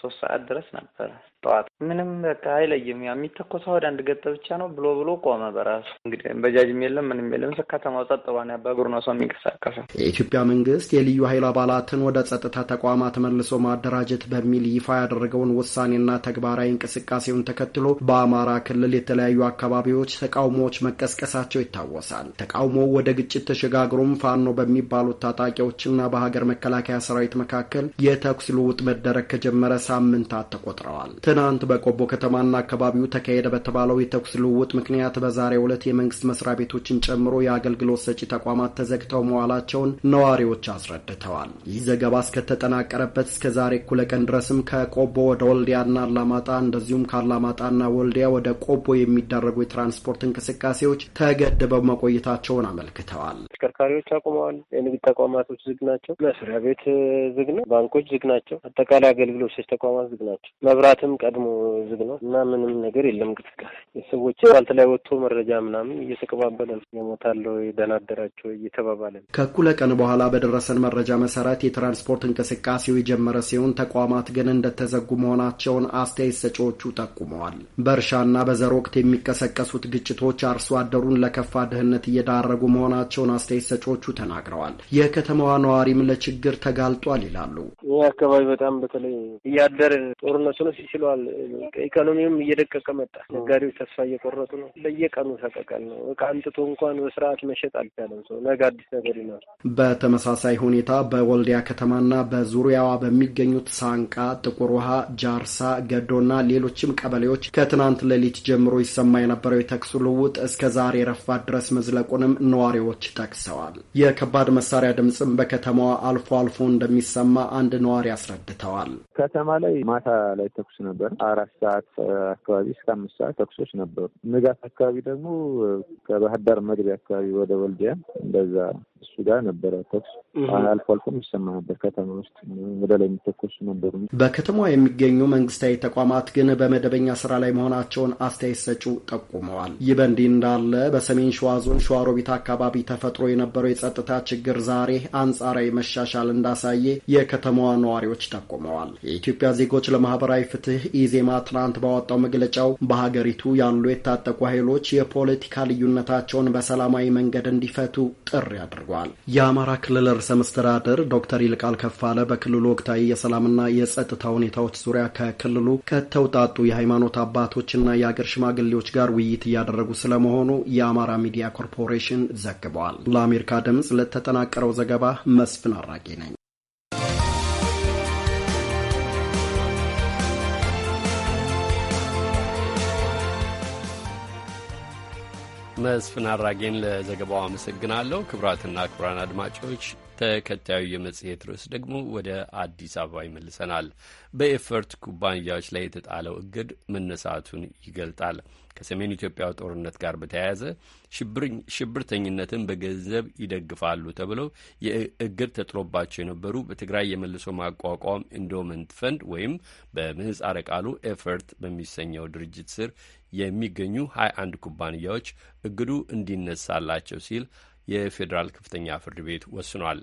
ሶስት ሰዓት ድረስ ነበረ። ጠዋት ምንም በቃ አይለይም። ያ የሚተኮሰው ወደ አንድ ገጠ ብቻ ነው ብሎ ብሎ ቆመ። በራሱ እንግዲህ በጃጅም የለም ምንም የለም። ከተማው ጸጥባ ነው በእግሩ ነው ሰው የሚንቀሳቀሰው። የኢትዮጵያ መንግስት የልዩ ኃይል አባላትን ወደ ጸጥታ ተቋማት መልሶ ማደራጀት በሚል ይፋ ያደረገውን ውሳኔና ተግባራዊ እንቅስቃሴውን ተከትሎ በአማራ ክልል የተለያዩ አካባቢዎች ተቃውሞዎች መቀስቀሳቸው ይታወሳል። ተቃውሞ ወደ ግጭት ተሸጋግሮም ፋኖ በሚባሉት ታጣቂዎችና በሀገር መከላከያ ሰራዊት መካከል የተኩስ ልውውጥ መደረግ ከጀመረ ሳምንታት ተቆጥረዋል። ትናንት በቆቦ ከተማና አካባቢው ተካሄደ በተባለው የተኩስ ልውውጥ ምክንያት በዛሬው ዕለት የመንግስት መስሪያ ቤቶችን ጨምሮ የአገልግሎት ሰጪ ተቋማት ተዘግተው መዋላቸውን ነዋሪዎች አስረድተዋል። ይህ ዘገባ እስከተጠናቀረበት እስከ ዛሬ እኩለ ቀን ድረስም ከቆቦ ወደ ወልዲያና አላማጣ እንደዚሁም ከአላማጣና ወልዲያ ወደ ቆቦ የሚደረጉ የትራንስፖርት እንቅስቃሴዎች ተገድበው መቆየታቸውን አመልክተዋል። ተሽከርካሪዎች አቁመዋል። የንግድ ተቋማቶች ዝግ ናቸው። መስሪያ ቤት ዝግ ነው። ባንኮች ዝግ ናቸው። አጠቃላይ አገልግሎት ሰጪ ተቋማት ዝግ ናቸው። መብራትም ቀድሞ ዝግ ነው እና ምንም ነገር የለም እንቅስቃሴ። ሰዎች ባልት ላይ ወጥቶ መረጃ ምናምን እየተቀባበለ ነው የሞታለው የደናደራቸው እየተባባለ ነው። ከእኩለ ቀን በኋላ በደረሰን መረጃ መሰረት የትራንስፖርት እንቅስቃሴው የጀመረ ሲሆን ተቋማት ግን እንደተዘጉ መሆናቸውን አስተያየት ሰጪዎቹ ጠቁመዋል። በእርሻና በዘር ወቅት የሚቀሰቀሱት ግጭቶች አርሶ አደሩን ለከፋ ድህነት እየዳረጉ መሆናቸውን አስተያየት ሰጪዎቹ ተናግረዋል። የከተማዋ ነዋሪም ለችግር ተጋልጧል ይላሉ። ይህ አካባቢ በጣም በተለይ እያደር ጦርነቱ ነው ሲችሉ ተቀይሯል። ኢኮኖሚውም እየደቀቀ መጣ። ነጋዴዎች ተስፋ እየቆረጡ ነው። በየቀኑ ተቀቀል ነው። እቃ አንጥቶ እንኳን በስርዓት መሸጥ አልቻለም ሰው። ነገ አዲስ ነገር ይኖራል። በተመሳሳይ ሁኔታ በወልዲያ ከተማና በዙሪያዋ በሚገኙት ሳንቃ፣ ጥቁር ውሃ፣ ጃርሳ፣ ገዶና ሌሎችም ቀበሌዎች ከትናንት ሌሊት ጀምሮ ይሰማ የነበረው የተኩስ ልውውጥ እስከ ዛሬ ረፋ ድረስ መዝለቁንም ነዋሪዎች ጠቅሰዋል። የከባድ መሳሪያ ድምፅም በከተማዋ አልፎ አልፎ እንደሚሰማ አንድ ነዋሪ አስረድተዋል። ከተማ ላይ ማታ ላይ ተኩስ ነበር ነበር። አራት ሰዓት አካባቢ እስከ አምስት ሰዓት ተኩሶች ነበሩ። ንጋት አካባቢ ደግሞ ከባህር ዳር መግቢያ አካባቢ ወደ ወልዲያ እንደዛ እሱ ጋር ነበረ ተኩስ አልፎ አልፎ የሚሰማ ነበር ከተማ ውስጥ ወደ ላይ የሚተኮሱ ነበሩ። በከተማዋ የሚገኙ መንግስታዊ ተቋማት ግን በመደበኛ ስራ ላይ መሆናቸውን አስተያየት ሰጪው ጠቁመዋል። ይህ በእንዲህ እንዳለ በሰሜን ሸዋ ዞን ሸዋሮቢት አካባቢ ተፈጥሮ የነበረው የጸጥታ ችግር ዛሬ አንጻራዊ መሻሻል እንዳሳየ የከተማዋ ነዋሪዎች ጠቁመዋል። የኢትዮጵያ ዜጎች ለማህበራዊ ፍትህ ኢዜማ ትናንት ባወጣው መግለጫው በሀገሪቱ ያሉ የታጠቁ ኃይሎች የፖለቲካ ልዩነታቸውን በሰላማዊ መንገድ እንዲፈቱ ጥሪ አድርጓል። አድርጓል። የአማራ ክልል ርዕሰ መስተዳድር ዶክተር ይልቃል ከፋለ በክልሉ ወቅታዊ የሰላምና የጸጥታ ሁኔታዎች ዙሪያ ከክልሉ ከተውጣጡ የሃይማኖት አባቶችና የአገር ሽማግሌዎች ጋር ውይይት እያደረጉ ስለመሆኑ የአማራ ሚዲያ ኮርፖሬሽን ዘግቧል። ለአሜሪካ ድምፅ ለተጠናቀረው ዘገባ መስፍን አራጌ ነኝ። መስፍን አራጌን ለዘገባው አመሰግናለሁ። ክቡራትና ክቡራን አድማጮች ተከታዩ የመጽሔት ርዕስ ደግሞ ወደ አዲስ አበባ ይመልሰናል። በኤፈርት ኩባንያዎች ላይ የተጣለው እግድ መነሳቱን ይገልጣል። ከሰሜን ኢትዮጵያው ጦርነት ጋር በተያያዘ ሽብርተኝነትን በገንዘብ ይደግፋሉ ተብለው የእግድ ተጥሎባቸው የነበሩ በትግራይ የመልሶ ማቋቋም ኢንዶመንት ፈንድ ወይም በምህጻረ ቃሉ ኤፈርት በሚሰኘው ድርጅት ስር የሚገኙ 21 ኩባንያዎች እግዱ እንዲነሳላቸው ሲል የፌዴራል ከፍተኛ ፍርድ ቤት ወስኗል።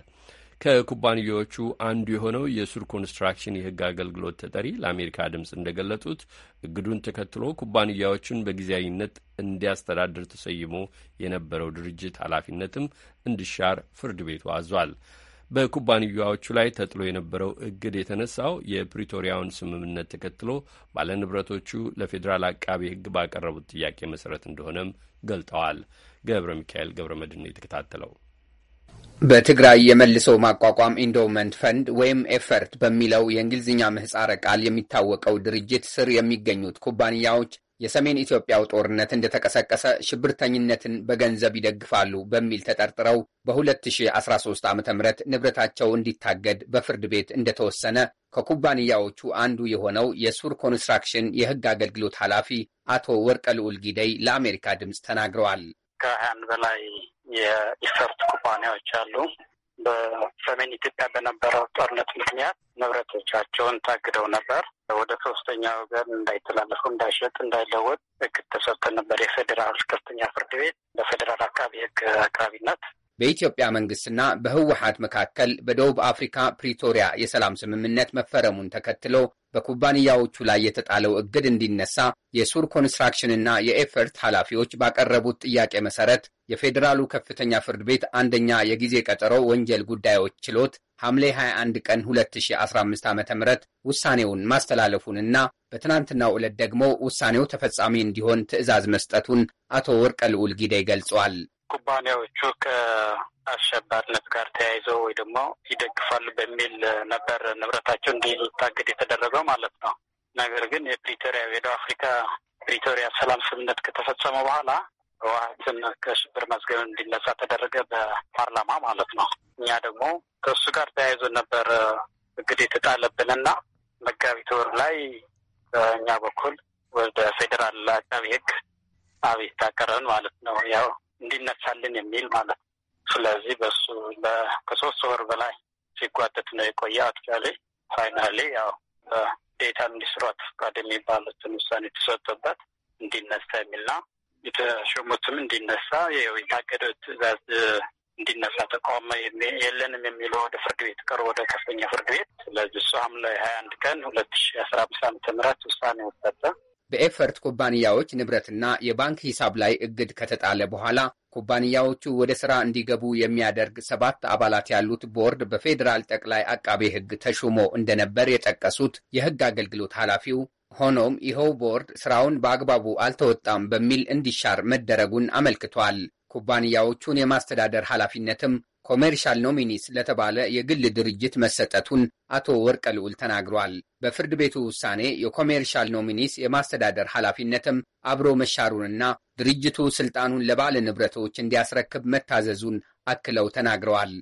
ከኩባንያዎቹ አንዱ የሆነው የሱር ኮንስትራክሽን የሕግ አገልግሎት ተጠሪ ለአሜሪካ ድምፅ እንደገለጡት እግዱን ተከትሎ ኩባንያዎቹን በጊዜያዊነት እንዲያስተዳድር ተሰይሞ የነበረው ድርጅት ኃላፊነትም እንዲሻር ፍርድ ቤቱ አዟል። በኩባንያዎቹ ላይ ተጥሎ የነበረው እግድ የተነሳው የፕሪቶሪያውን ስምምነት ተከትሎ ባለንብረቶቹ ለፌዴራል አቃቤ ሕግ ባቀረቡት ጥያቄ መሰረት እንደሆነም ገልጠዋል። ገብረ ሚካኤል ገብረ መድን የተከታተለው። በትግራይ የመልሶ ማቋቋም ኢንዶመንት ፈንድ ወይም ኤፈርት በሚለው የእንግሊዝኛ ምህፃረ ቃል የሚታወቀው ድርጅት ስር የሚገኙት ኩባንያዎች የሰሜን ኢትዮጵያው ጦርነት እንደተቀሰቀሰ ሽብርተኝነትን በገንዘብ ይደግፋሉ በሚል ተጠርጥረው በ2013 ዓ ም ንብረታቸው እንዲታገድ በፍርድ ቤት እንደተወሰነ ከኩባንያዎቹ አንዱ የሆነው የሱር ኮንስትራክሽን የህግ አገልግሎት ኃላፊ አቶ ወርቀ ልዑል ጊደይ ለአሜሪካ ድምፅ ተናግረዋል። ከሀያ አንድ በላይ የኢፈርት ኩባንያዎች አሉ። በሰሜን ኢትዮጵያ በነበረው ጦርነት ምክንያት ንብረቶቻቸውን ታግደው ነበር። ወደ ሶስተኛ ወገን እንዳይተላለፉ፣ እንዳይሸጥ፣ እንዳይለወጥ ምክር ነበር። የፌዴራል ከፍተኛ ፍርድ ቤት በፌዴራል አቃቢ ህግ አቅራቢነት በኢትዮጵያ መንግስትና በህወሓት መካከል በደቡብ አፍሪካ ፕሪቶሪያ የሰላም ስምምነት መፈረሙን ተከትሎ በኩባንያዎቹ ላይ የተጣለው እግድ እንዲነሳ የሱር ኮንስትራክሽንና የኤፈርት ኃላፊዎች ባቀረቡት ጥያቄ መሰረት የፌዴራሉ ከፍተኛ ፍርድ ቤት አንደኛ የጊዜ ቀጠሮ ወንጀል ጉዳዮች ችሎት ሐምሌ 21 ቀን 2015 ዓ ም ውሳኔውን ማስተላለፉንና በትናንትናው ዕለት ደግሞ ውሳኔው ተፈጻሚ እንዲሆን ትዕዛዝ መስጠቱን አቶ ወርቀ ልዑል ጊዴ ገልጿል። ኩባንያዎቹ ከአሸባሪነት ጋር ተያይዘው ወይ ደግሞ ይደግፋሉ በሚል ነበር ንብረታቸው እንዲታገድ የተደረገው ማለት ነው። ነገር ግን የፕሪቶሪያ የደቡብ አፍሪካ ፕሪቶሪያ ሰላም ስምምነት ከተፈጸመ በኋላ ህወሓትን ከሽብር መዝገብ እንዲነሳ ተደረገ በፓርላማ ማለት ነው። እኛ ደግሞ ከእሱ ጋር ተያይዞ ነበር እግድ የተጣለብንና መጋቢት ወር ላይ በእኛ በኩል ወደ ፌዴራል አቃቢ ህግ አቤት አቀረብን ማለት ነው። ያው እንዲነሳልን የሚል ማለት ነው። ስለዚህ በሱ ከሶስት ወር በላይ ሲጓተት ነው የቆየ። አክቹዋሊ ፋይናሌ ያው ዴታ ሚኒስትሩ አቶ ፈቃድ የሚባሉትን ውሳኔ የተሰጠበት እንዲነሳ የሚልና የተሾሙትም እንዲነሳ የታገደ ትእዛዝ እንዲነሳ ተቃውሞ የለንም የሚለው ወደ ፍርድ ቤት ቀርቦ ወደ ከፍተኛ ፍርድ ቤት ስለዚህ እሱ ሐምሌ ሀያ አንድ ቀን ሁለት ሺ አስራ አምስት ዓመተ ምህረት ውሳኔ ወሰጠ። በኤፈርት ኩባንያዎች ንብረትና የባንክ ሂሳብ ላይ እግድ ከተጣለ በኋላ ኩባንያዎቹ ወደ ስራ እንዲገቡ የሚያደርግ ሰባት አባላት ያሉት ቦርድ በፌዴራል ጠቅላይ አቃቤ ሕግ ተሹሞ እንደነበር የጠቀሱት የሕግ አገልግሎት ኃላፊው፣ ሆኖም ይኸው ቦርድ ስራውን በአግባቡ አልተወጣም በሚል እንዲሻር መደረጉን አመልክቷል። ኩባንያዎቹን የማስተዳደር ኃላፊነትም ኮሜርሻል ኖሚኒስ ለተባለ የግል ድርጅት መሰጠቱን አቶ ወርቀ ልዑል ተናግሯል። በፍርድ ቤቱ ውሳኔ የኮሜርሻል ኖሚኒስ የማስተዳደር ኃላፊነትም አብሮ መሻሩንና ድርጅቱ ስልጣኑን ለባለ ንብረቶች እንዲያስረክብ መታዘዙን አክለው ተናግረዋል።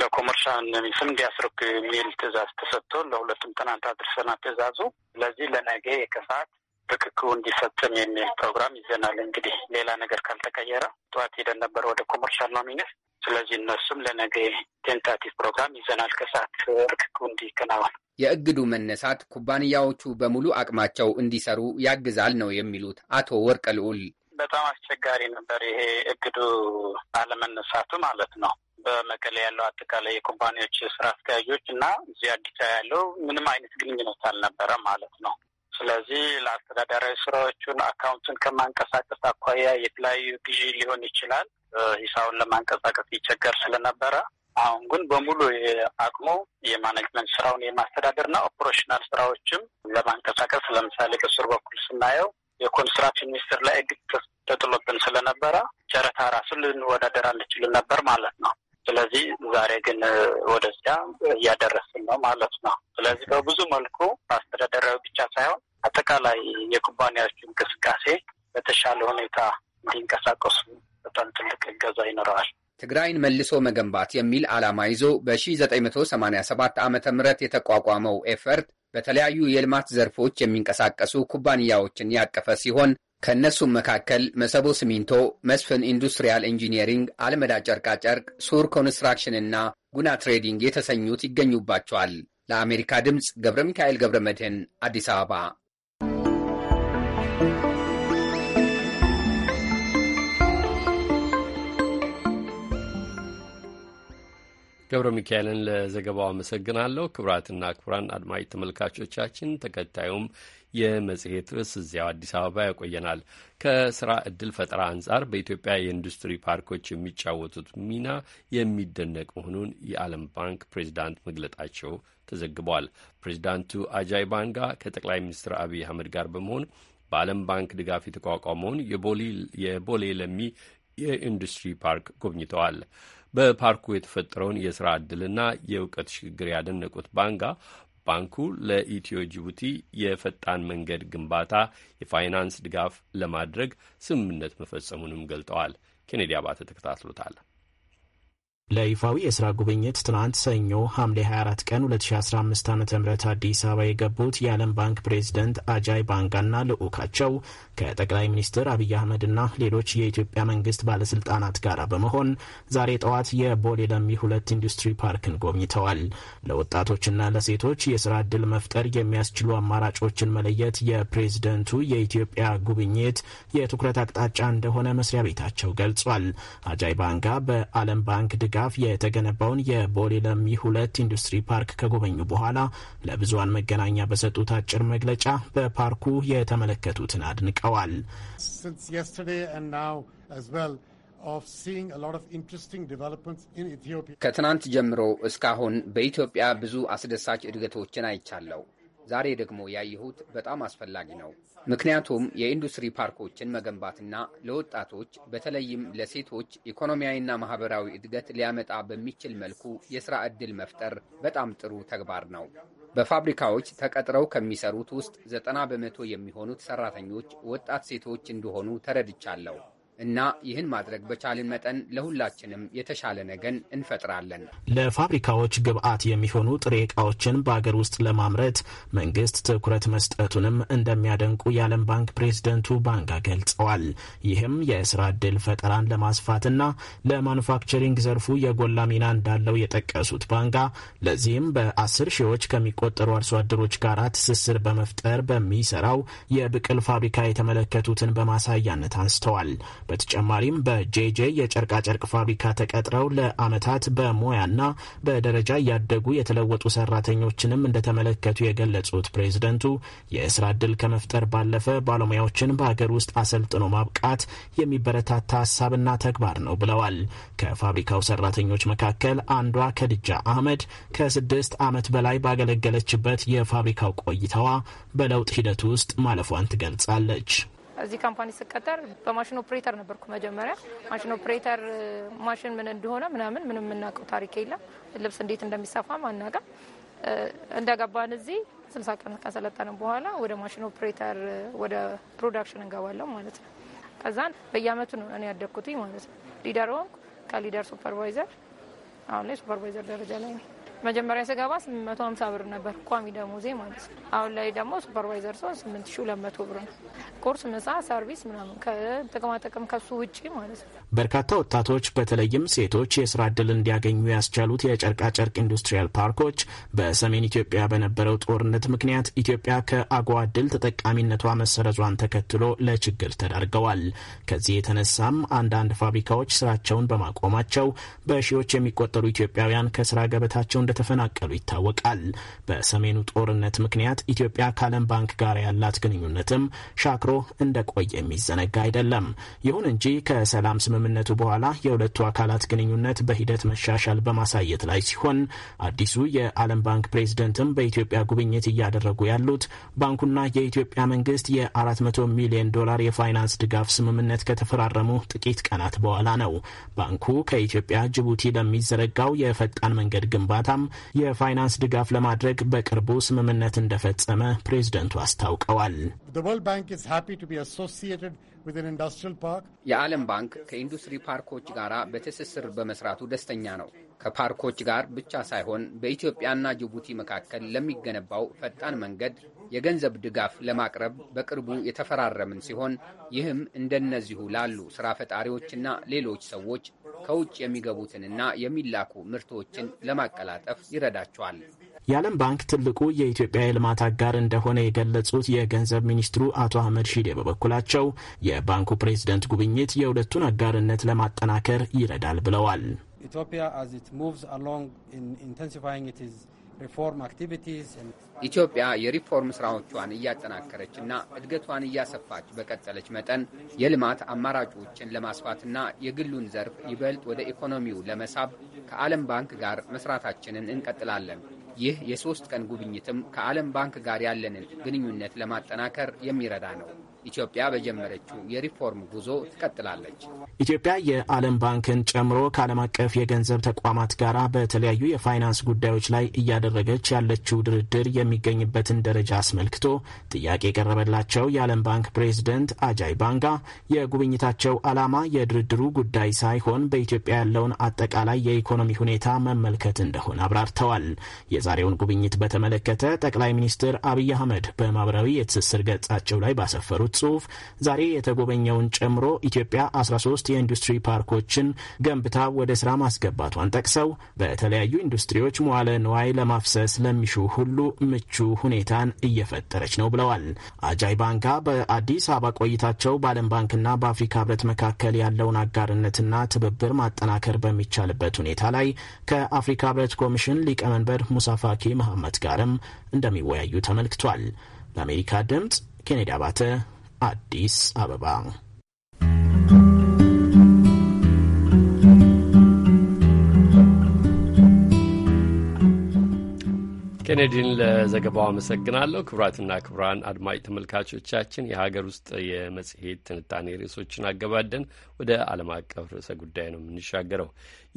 ለኮሜርሻል ኖሚኒስ እንዲያስረክብ የሚል ትእዛዝ ተሰጥቶ ለሁለቱም ትናንት አድርሰናል። ትእዛዙ ስለዚህ ለነገ ከሰዓት ምክክሩ እንዲፈጸም የሚል ፕሮግራም ይዘናል። እንግዲህ ሌላ ነገር ካልተቀየረ ጠዋት ሄደን ነበር ወደ ኮመርሻል ሎሚነስ። ስለዚህ እነሱም ለነገ ቴንታቲቭ ፕሮግራም ይዘናል ከሰዓት ምክክሩ እንዲከናወን የእግዱ መነሳት ኩባንያዎቹ በሙሉ አቅማቸው እንዲሰሩ ያግዛል ነው የሚሉት አቶ ወርቀ ልዑል። በጣም አስቸጋሪ ነበር ይሄ እግዱ አለመነሳቱ ማለት ነው። በመቀሌ ያለው አጠቃላይ የኩባንያዎች ስራ አስኪያጆች እና እዚህ አዲስ ያለው ምንም አይነት ግንኙነት አልነበረም ማለት ነው። ስለዚህ ለአስተዳደራዊ ስራዎቹን አካውንቱን ከማንቀሳቀስ አኳያ የተለያዩ ግዢ ሊሆን ይችላል። ሂሳቡን ለማንቀሳቀስ ይቸገር ስለነበረ አሁን ግን በሙሉ አቅሙ የማኔጅመንት ስራውን የማስተዳደርና ኦፕሬሽናል ስራዎችም ለማንቀሳቀስ ለምሳሌ በስር በኩል ስናየው የኮንስትራክሽን ሚኒስቴር ላይ እግድ ተጥሎብን ስለነበረ ጨረታ ራሱ ልንወዳደር አንችልም ነበር ማለት ነው። ስለዚህ ዛሬ ግን ወደዚያ እያደረስን ነው ማለት ነው። ስለዚህ በብዙ መልኩ አስተዳደራዊ ብቻ ሳይሆን አጠቃላይ የኩባንያዎች እንቅስቃሴ በተሻለ ሁኔታ እንዲንቀሳቀሱ በጣም ትልቅ እገዛ ይኖረዋል። ትግራይን መልሶ መገንባት የሚል ዓላማ ይዞ በ1987 ዓ ም የተቋቋመው ኤፈርት በተለያዩ የልማት ዘርፎች የሚንቀሳቀሱ ኩባንያዎችን ያቀፈ ሲሆን ከእነሱም መካከል መሰቦ ሲሚንቶ፣ መስፍን ኢንዱስትሪያል ኢንጂኒሪንግ፣ አልመዳ ጨርቃጨርቅ፣ ሱር ኮንስትራክሽንና ጉና ትሬዲንግ የተሰኙት ይገኙባቸዋል። ለአሜሪካ ድምፅ ገብረ ሚካኤል ገብረ መድህን አዲስ አበባ ገብረ ሚካኤልን ለዘገባው አመሰግናለሁ። ክቡራትና ክቡራን አድማጭ ተመልካቾቻችን ተከታዩም የመጽሔት ርዕስ እዚያው አዲስ አበባ ያቆየናል። ከስራ እድል ፈጠራ አንጻር በኢትዮጵያ የኢንዱስትሪ ፓርኮች የሚጫወቱት ሚና የሚደነቅ መሆኑን የዓለም ባንክ ፕሬዚዳንት መግለጣቸው ተዘግቧል። ፕሬዚዳንቱ አጃይ ባንጋ ከጠቅላይ ሚኒስትር አብይ አህመድ ጋር በመሆን በዓለም ባንክ ድጋፍ የተቋቋመውን የቦሌ ለሚ የኢንዱስትሪ ፓርክ ጎብኝተዋል። በፓርኩ የተፈጠረውን የስራ ዕድልና የእውቀት ሽግግር ያደነቁት ባንጋ ባንኩ ለኢትዮ ጅቡቲ የፈጣን መንገድ ግንባታ የፋይናንስ ድጋፍ ለማድረግ ስምምነት መፈጸሙንም ገልጠዋል። ኬኔዲ አባተ ተከታትሎታል። ለይፋዊ የስራ ጉብኝት ትናንት ሰኞ ሐምሌ 24 ቀን 2015 ዓ ም አዲስ አበባ የገቡት የዓለም ባንክ ፕሬዝደንት አጃይ ባንጋና ልዑካቸው ከጠቅላይ ሚኒስትር አብይ አህመድና ሌሎች የኢትዮጵያ መንግስት ባለስልጣናት ጋር በመሆን ዛሬ ጠዋት የቦሌ ለሚ ሁለት ኢንዱስትሪ ፓርክን ጎብኝተዋል። ለወጣቶችና ለሴቶች የስራ ዕድል መፍጠር የሚያስችሉ አማራጮችን መለየት የፕሬዝደንቱ የኢትዮጵያ ጉብኝት የትኩረት አቅጣጫ እንደሆነ መስሪያ ቤታቸው ገልጿል። አጃይ ባንጋ በዓለም ባንክ ድጋ ድጋፍ የተገነባውን የቦሌ ለሚ ሁለት ኢንዱስትሪ ፓርክ ከጎበኙ በኋላ ለብዙሃን መገናኛ በሰጡት አጭር መግለጫ በፓርኩ የተመለከቱትን አድንቀዋል። ከትናንት ጀምሮ እስካሁን በኢትዮጵያ ብዙ አስደሳች እድገቶችን አይቻለሁ። ዛሬ ደግሞ ያየሁት በጣም አስፈላጊ ነው። ምክንያቱም የኢንዱስትሪ ፓርኮችን መገንባትና ለወጣቶች በተለይም ለሴቶች ኢኮኖሚያዊና ማህበራዊ እድገት ሊያመጣ በሚችል መልኩ የስራ ዕድል መፍጠር በጣም ጥሩ ተግባር ነው። በፋብሪካዎች ተቀጥረው ከሚሰሩት ውስጥ ዘጠና በመቶ የሚሆኑት ሰራተኞች ወጣት ሴቶች እንደሆኑ ተረድቻለሁ። እና ይህን ማድረግ በቻልን መጠን ለሁላችንም የተሻለ ነገን እንፈጥራለን። ለፋብሪካዎች ግብዓት የሚሆኑ ጥሬ እቃዎችን በአገር ውስጥ ለማምረት መንግስት ትኩረት መስጠቱንም እንደሚያደንቁ የዓለም ባንክ ፕሬዝደንቱ ባንጋ ገልጸዋል። ይህም የስራ ዕድል ፈጠራን ለማስፋትና ለማኑፋክቸሪንግ ዘርፉ የጎላ ሚና እንዳለው የጠቀሱት ባንጋ ለዚህም በአስር ሺዎች ከሚቆጠሩ አርሶ አደሮች ጋር ትስስር በመፍጠር በሚሰራው የብቅል ፋብሪካ የተመለከቱትን በማሳያነት አንስተዋል። በተጨማሪም በጄጄ የጨርቃጨርቅ ፋብሪካ ተቀጥረው ለአመታት በሙያና በደረጃ እያደጉ የተለወጡ ሰራተኞችንም እንደተመለከቱ የገለጹት ፕሬዝደንቱ የስራ ድል ከመፍጠር ባለፈ ባለሙያዎችን በሀገር ውስጥ አሰልጥኖ ማብቃት የሚበረታታ ሀሳብና ተግባር ነው ብለዋል። ከፋብሪካው ሰራተኞች መካከል አንዷ ከድጃ አህመድ ከስድስት አመት በላይ ባገለገለችበት የፋብሪካው ቆይታዋ በለውጥ ሂደቱ ውስጥ ማለፏን ትገልጻለች። እዚህ ካምፓኒ ስቀጠር በማሽን ኦፕሬተር ነበርኩ መጀመሪያ። ማሽን ኦፕሬተር ማሽን ምን እንደሆነ ምናምን ምንም የምናውቀው ታሪክ የለም። ልብስ እንዴት እንደሚሰፋም አናውቅም። እንደገባን እዚህ ስልሳ ቀን ከሰለጠንም በኋላ ወደ ማሽን ኦፕሬተር ወደ ፕሮዳክሽን እንገባለን ማለት ነው። ከዛን በየአመቱ ነው እኔ ያደግኩትኝ ማለት ነው። ሊደር ሆንኩ፣ ከሊደር ሱፐርቫይዘር፣ አሁን ላይ ሱፐርቫይዘር ደረጃ ላይ ነው። መጀመሪያ ስገባ 850 ብር ነበር ቋሚ ደሞዜ ማለት ነው። አሁን ላይ ደግሞ ሱፐርቫይዘር ሲሆን 8200 ብር ነው። ቁርስ፣ ምሳ፣ ሰርቪስ ምናምን ከጥቅማጥቅም ከሱ ውጪ ማለት ነው። በርካታ ወጣቶች በተለይም ሴቶች የስራ እድል እንዲያገኙ ያስቻሉት የጨርቃጨርቅ ኢንዱስትሪያል ፓርኮች በሰሜን ኢትዮጵያ በነበረው ጦርነት ምክንያት ኢትዮጵያ ከአጓ እድል ተጠቃሚነቷ መሰረዟን ተከትሎ ለችግር ተዳርገዋል። ከዚህ የተነሳም አንዳንድ ፋብሪካዎች ስራቸውን በማቆማቸው በሺዎች የሚቆጠሩ ኢትዮጵያውያን ከስራ ገበታቸው እንደተፈናቀሉ ይታወቃል። በሰሜኑ ጦርነት ምክንያት ኢትዮጵያ ከዓለም ባንክ ጋር ያላት ግንኙነትም ሻክሮ እንደቆየ የሚዘነጋ አይደለም። ይሁን እንጂ ከሰላም ስምምነቱ በኋላ የሁለቱ አካላት ግንኙነት በሂደት መሻሻል በማሳየት ላይ ሲሆን አዲሱ የዓለም ባንክ ፕሬዝደንትም በኢትዮጵያ ጉብኝት እያደረጉ ያሉት ባንኩና የኢትዮጵያ መንግስት የ400 ሚሊዮን ዶላር የፋይናንስ ድጋፍ ስምምነት ከተፈራረሙ ጥቂት ቀናት በኋላ ነው። ባንኩ ከኢትዮጵያ ጅቡቲ ለሚዘረጋው የፈጣን መንገድ ግንባታ አሜሪካም የፋይናንስ ድጋፍ ለማድረግ በቅርቡ ስምምነት እንደፈጸመ ፕሬዝደንቱ አስታውቀዋል። የዓለም ባንክ ከኢንዱስትሪ ፓርኮች ጋር በትስስር በመስራቱ ደስተኛ ነው። ከፓርኮች ጋር ብቻ ሳይሆን በኢትዮጵያና ጅቡቲ መካከል ለሚገነባው ፈጣን መንገድ የገንዘብ ድጋፍ ለማቅረብ በቅርቡ የተፈራረምን ሲሆን ይህም እንደነዚሁ ላሉ ስራ ፈጣሪዎችና ሌሎች ሰዎች ከውጭ የሚገቡትንና የሚላኩ ምርቶችን ለማቀላጠፍ ይረዳቸዋል። የዓለም ባንክ ትልቁ የኢትዮጵያ የልማት አጋር እንደሆነ የገለጹት የገንዘብ ሚኒስትሩ አቶ አህመድ ሺዴ በበኩላቸው የባንኩ ፕሬዝደንት ጉብኝት የሁለቱን አጋርነት ለማጠናከር ይረዳል ብለዋል። ኢትዮጵያ ኢትዮጵያ የሪፎርም ስራዎቿን እያጠናከረች እና እድገቷን እያሰፋች በቀጠለች መጠን የልማት አማራጮችን ለማስፋትና የግሉን ዘርፍ ይበልጥ ወደ ኢኮኖሚው ለመሳብ ከዓለም ባንክ ጋር መስራታችንን እንቀጥላለን። ይህ የሶስት ቀን ጉብኝትም ከዓለም ባንክ ጋር ያለንን ግንኙነት ለማጠናከር የሚረዳ ነው። ኢትዮጵያ በጀመረችው የሪፎርም ጉዞ ትቀጥላለች። ኢትዮጵያ የዓለም ባንክን ጨምሮ ከዓለም አቀፍ የገንዘብ ተቋማት ጋር በተለያዩ የፋይናንስ ጉዳዮች ላይ እያደረገች ያለችው ድርድር የሚገኝበትን ደረጃ አስመልክቶ ጥያቄ የቀረበላቸው የዓለም ባንክ ፕሬዚደንት አጃይ ባንጋ የጉብኝታቸው ዓላማ የድርድሩ ጉዳይ ሳይሆን በኢትዮጵያ ያለውን አጠቃላይ የኢኮኖሚ ሁኔታ መመልከት እንደሆነ አብራርተዋል። የዛሬውን ጉብኝት በተመለከተ ጠቅላይ ሚኒስትር አብይ አህመድ በማህበራዊ የትስስር ገጻቸው ላይ ባሰፈሩት ጽሑፍ ዛሬ የተጎበኘውን ጨምሮ ኢትዮጵያ 13 የኢንዱስትሪ ፓርኮችን ገንብታ ወደ ስራ ማስገባቷን ጠቅሰው በተለያዩ ኢንዱስትሪዎች መዋለ ንዋይ ለማፍሰስ ለሚሹ ሁሉ ምቹ ሁኔታን እየፈጠረች ነው ብለዋል። አጃይ ባንካ በአዲስ አበባ ቆይታቸው በዓለም ባንክና በአፍሪካ ህብረት መካከል ያለውን አጋርነትና ትብብር ማጠናከር በሚቻልበት ሁኔታ ላይ ከአፍሪካ ህብረት ኮሚሽን ሊቀመንበር ሙሳፋኪ መሐመድ ጋርም እንደሚወያዩ ተመልክቷል። ለአሜሪካ ድምጽ ኬኔዲ አባተ አዲስ አበባ ኬኔዲን ለዘገባው አመሰግናለሁ። ክቡራትና ክቡራን አድማጭ ተመልካቾቻችን የሀገር ውስጥ የመጽሔት ትንታኔ ርዕሶችን አገባደን ወደ ዓለም አቀፍ ርዕሰ ጉዳይ ነው የምንሻገረው።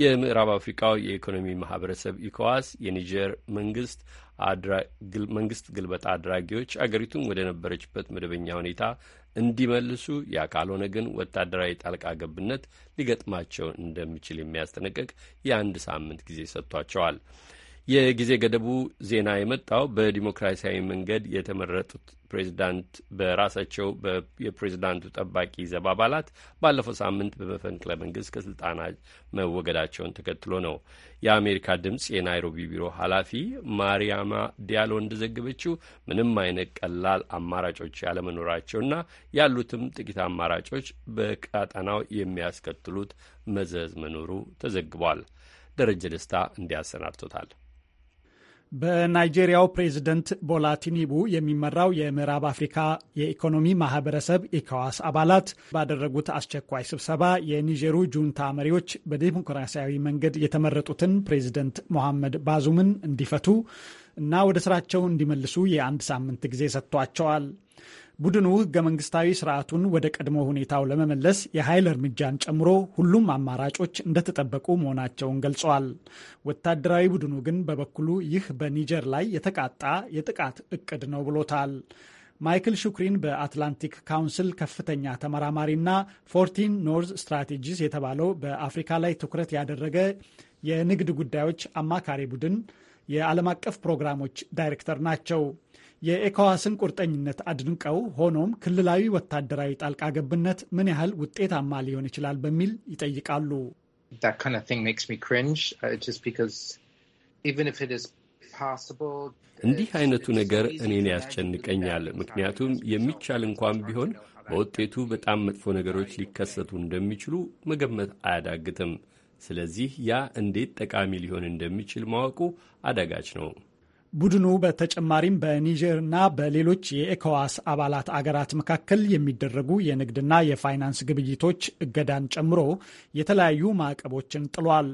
የምዕራብ አፍሪካው የኢኮኖሚ ማህበረሰብ ኢኮዋስ የኒጀር መንግስት መንግስት ግልበጣ አድራጊዎች አገሪቱን ወደ ነበረችበት መደበኛ ሁኔታ እንዲመልሱ ያ ካልሆነ ግን ወታደራዊ ጣልቃ ገብነት ሊገጥማቸው እንደሚችል የሚያስጠነቅቅ የአንድ ሳምንት ጊዜ ሰጥቷቸዋል። የጊዜ ገደቡ ዜና የመጣው በዲሞክራሲያዊ መንገድ የተመረጡት ፕሬዚዳንት በራሳቸው የፕሬዚዳንቱ ጠባቂ ዘብ አባላት ባለፈው ሳምንት በመፈንቅለ መንግስት ከስልጣና መወገዳቸውን ተከትሎ ነው። የአሜሪካ ድምፅ የናይሮቢ ቢሮ ኃላፊ ማሪያማ ዲያሎ እንደዘገበችው ምንም አይነት ቀላል አማራጮች ያለመኖራቸውና ያሉትም ጥቂት አማራጮች በቀጠናው የሚያስከትሉት መዘዝ መኖሩ ተዘግቧል። ደረጀ ደስታ እንዲያሰናድቶታል። በናይጄሪያው ፕሬዝደንት ቦላ ቲኒቡ የሚመራው የምዕራብ አፍሪካ የኢኮኖሚ ማህበረሰብ ኢካዋስ አባላት ባደረጉት አስቸኳይ ስብሰባ የኒጀሩ ጁንታ መሪዎች በዲሞክራሲያዊ መንገድ የተመረጡትን ፕሬዝደንት ሞሐመድ ባዙምን እንዲፈቱ እና ወደ ስራቸው እንዲመልሱ የአንድ ሳምንት ጊዜ ሰጥቷቸዋል። ቡድኑ ህገ መንግስታዊ ስርዓቱን ወደ ቀድሞ ሁኔታው ለመመለስ የኃይል እርምጃን ጨምሮ ሁሉም አማራጮች እንደተጠበቁ መሆናቸውን ገልጸዋል። ወታደራዊ ቡድኑ ግን በበኩሉ ይህ በኒጀር ላይ የተቃጣ የጥቃት እቅድ ነው ብሎታል። ማይክል ሹክሪን በአትላንቲክ ካውንስል ከፍተኛ ተመራማሪና ፎርቲን ኖርዝ ስትራቴጂስ የተባለው በአፍሪካ ላይ ትኩረት ያደረገ የንግድ ጉዳዮች አማካሪ ቡድን የዓለም አቀፍ ፕሮግራሞች ዳይሬክተር ናቸው። የኤኮዋስን ቁርጠኝነት አድንቀው ሆኖም ክልላዊ ወታደራዊ ጣልቃ ገብነት ምን ያህል ውጤታማ ሊሆን ይችላል በሚል ይጠይቃሉ። uh, uh, እንዲህ አይነቱ ነገር እኔን ያስጨንቀኛል። uh, ምክንያቱም የሚቻል እንኳን ቢሆን በውጤቱ በጣም መጥፎ ነገሮች ሊከሰቱ እንደሚችሉ መገመት አያዳግትም። ስለዚህ ያ እንዴት ጠቃሚ ሊሆን እንደሚችል ማወቁ አዳጋች ነው። ቡድኑ በተጨማሪም በኒጀርና በሌሎች የኤኮዋስ አባላት አገራት መካከል የሚደረጉ የንግድና የፋይናንስ ግብይቶች እገዳን ጨምሮ የተለያዩ ማዕቀቦችን ጥሏል።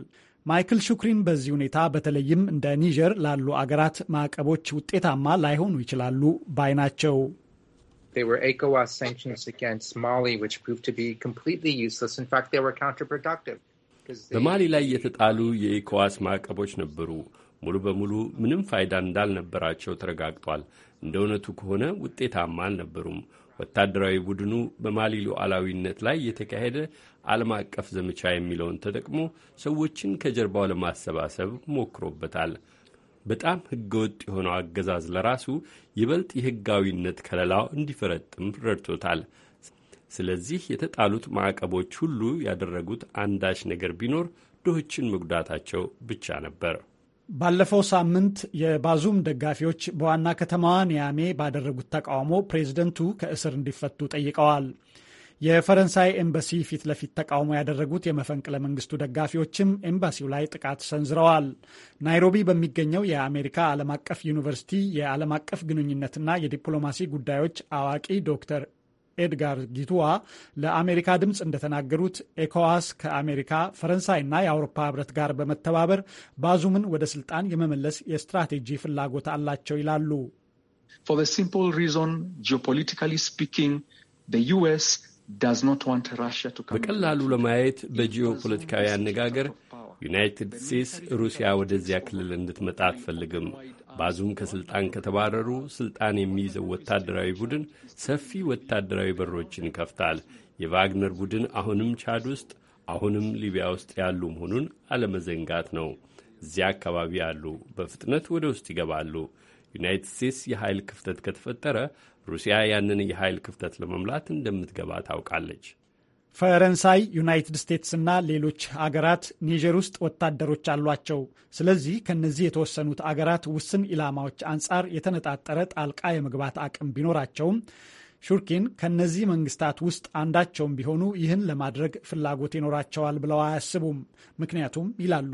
ማይክል ሹክሪን በዚህ ሁኔታ በተለይም እንደ ኒጀር ላሉ አገራት ማዕቀቦች ውጤታማ ላይሆኑ ይችላሉ ባይ ናቸው። በማሊ ላይ የተጣሉ የኢኮዋስ ማዕቀቦች ነበሩ። ሙሉ በሙሉ ምንም ፋይዳ እንዳልነበራቸው ተረጋግጧል። እንደ እውነቱ ከሆነ ውጤታማ አልነበሩም። ወታደራዊ ቡድኑ በማሊ ሉዓላዊነት ላይ የተካሄደ ዓለም አቀፍ ዘመቻ የሚለውን ተጠቅሞ ሰዎችን ከጀርባው ለማሰባሰብ ሞክሮበታል። በጣም ህገወጥ የሆነው አገዛዝ ለራሱ ይበልጥ የህጋዊነት ከለላው እንዲፈረጥም ረድቶታል። ስለዚህ የተጣሉት ማዕቀቦች ሁሉ ያደረጉት አንዳች ነገር ቢኖር ድሆችን መጉዳታቸው ብቻ ነበር። ባለፈው ሳምንት የባዙም ደጋፊዎች በዋና ከተማዋ ኒያሜ ባደረጉት ተቃውሞ ፕሬዝደንቱ ከእስር እንዲፈቱ ጠይቀዋል። የፈረንሳይ ኤምባሲ ፊት ለፊት ተቃውሞ ያደረጉት የመፈንቅለ መንግስቱ ደጋፊዎችም ኤምባሲው ላይ ጥቃት ሰንዝረዋል። ናይሮቢ በሚገኘው የአሜሪካ ዓለም አቀፍ ዩኒቨርሲቲ የዓለም አቀፍ ግንኙነትና የዲፕሎማሲ ጉዳዮች አዋቂ ዶክተር ኤድጋር ጊቱዋ ለአሜሪካ ድምፅ እንደተናገሩት ኤኮዋስ ከአሜሪካ ፈረንሳይና የአውሮፓ ህብረት ጋር በመተባበር ባዙምን ወደ ስልጣን የመመለስ የስትራቴጂ ፍላጎት አላቸው ይላሉ። ፎር ሲምፕል ሪዞን ጂኦፖለቲካሊ ስፒኪንግ ዩኤስ በቀላሉ ለማየት በጂኦፖለቲካዊ አነጋገር ዩናይትድ ስቴትስ ሩሲያ ወደዚያ ክልል እንድትመጣ አትፈልግም። ባዙም ከስልጣን ከተባረሩ ስልጣን የሚይዘው ወታደራዊ ቡድን ሰፊ ወታደራዊ በሮችን ይከፍታል። የቫግነር ቡድን አሁንም ቻድ ውስጥ አሁንም ሊቢያ ውስጥ ያሉ መሆኑን አለመዘንጋት ነው። እዚያ አካባቢ ያሉ በፍጥነት ወደ ውስጥ ይገባሉ። ዩናይትድ ስቴትስ የኃይል ክፍተት ከተፈጠረ ሩሲያ ያንን የኃይል ክፍተት ለመምላት እንደምትገባ ታውቃለች። ፈረንሳይ፣ ዩናይትድ ስቴትስ እና ሌሎች አገራት ኒጀር ውስጥ ወታደሮች አሏቸው። ስለዚህ ከነዚህ የተወሰኑት አገራት ውስን ኢላማዎች አንጻር የተነጣጠረ ጣልቃ የመግባት አቅም ቢኖራቸውም ሹርኪን ከነዚህ መንግስታት ውስጥ አንዳቸውም ቢሆኑ ይህን ለማድረግ ፍላጎት ይኖራቸዋል ብለው አያስቡም። ምክንያቱም ይላሉ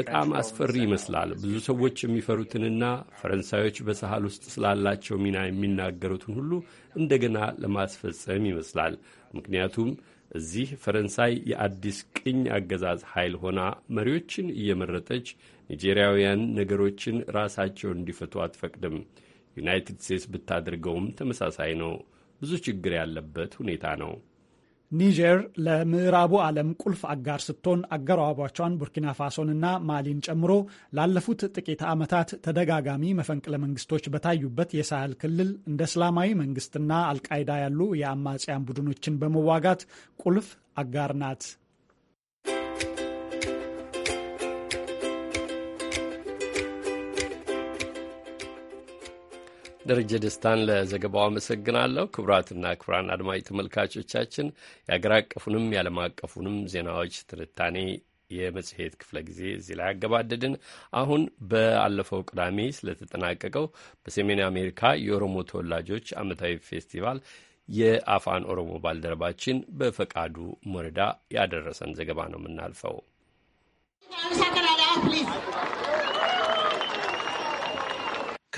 በጣም አስፈሪ ይመስላል። ብዙ ሰዎች የሚፈሩትንና ፈረንሳዮች በሳህል ውስጥ ስላላቸው ሚና የሚናገሩትን ሁሉ እንደገና ለማስፈጸም ይመስላል። ምክንያቱም እዚህ ፈረንሳይ የአዲስ ቅኝ አገዛዝ ኃይል ሆና መሪዎችን እየመረጠች ኒጄሪያውያን ነገሮችን ራሳቸው እንዲፈቱ አትፈቅድም። ዩናይትድ ስቴትስ ብታደርገውም ተመሳሳይ ነው። ብዙ ችግር ያለበት ሁኔታ ነው። ኒጀር ለምዕራቡ ዓለም ቁልፍ አጋር ስትሆን አጎራባቿን ቡርኪና ፋሶንና ማሊን ጨምሮ ላለፉት ጥቂት ዓመታት ተደጋጋሚ መፈንቅለ መንግስቶች በታዩበት የሳህል ክልል እንደ እስላማዊ መንግስትና አልቃይዳ ያሉ የአማጽያን ቡድኖችን በመዋጋት ቁልፍ አጋር ናት። ደረጀ ደስታን ለዘገባው አመሰግናለሁ። ክቡራትና ክቡራን አድማጭ ተመልካቾቻችን የአገር አቀፉንም የዓለም አቀፉንም ዜናዎች ትንታኔ የመጽሔት ክፍለ ጊዜ እዚህ ላይ ያገባደድን። አሁን በአለፈው ቅዳሜ ስለተጠናቀቀው በሰሜን አሜሪካ የኦሮሞ ተወላጆች ዓመታዊ ፌስቲቫል የአፋን ኦሮሞ ባልደረባችን በፈቃዱ ሞረዳ ያደረሰን ዘገባ ነው የምናልፈው።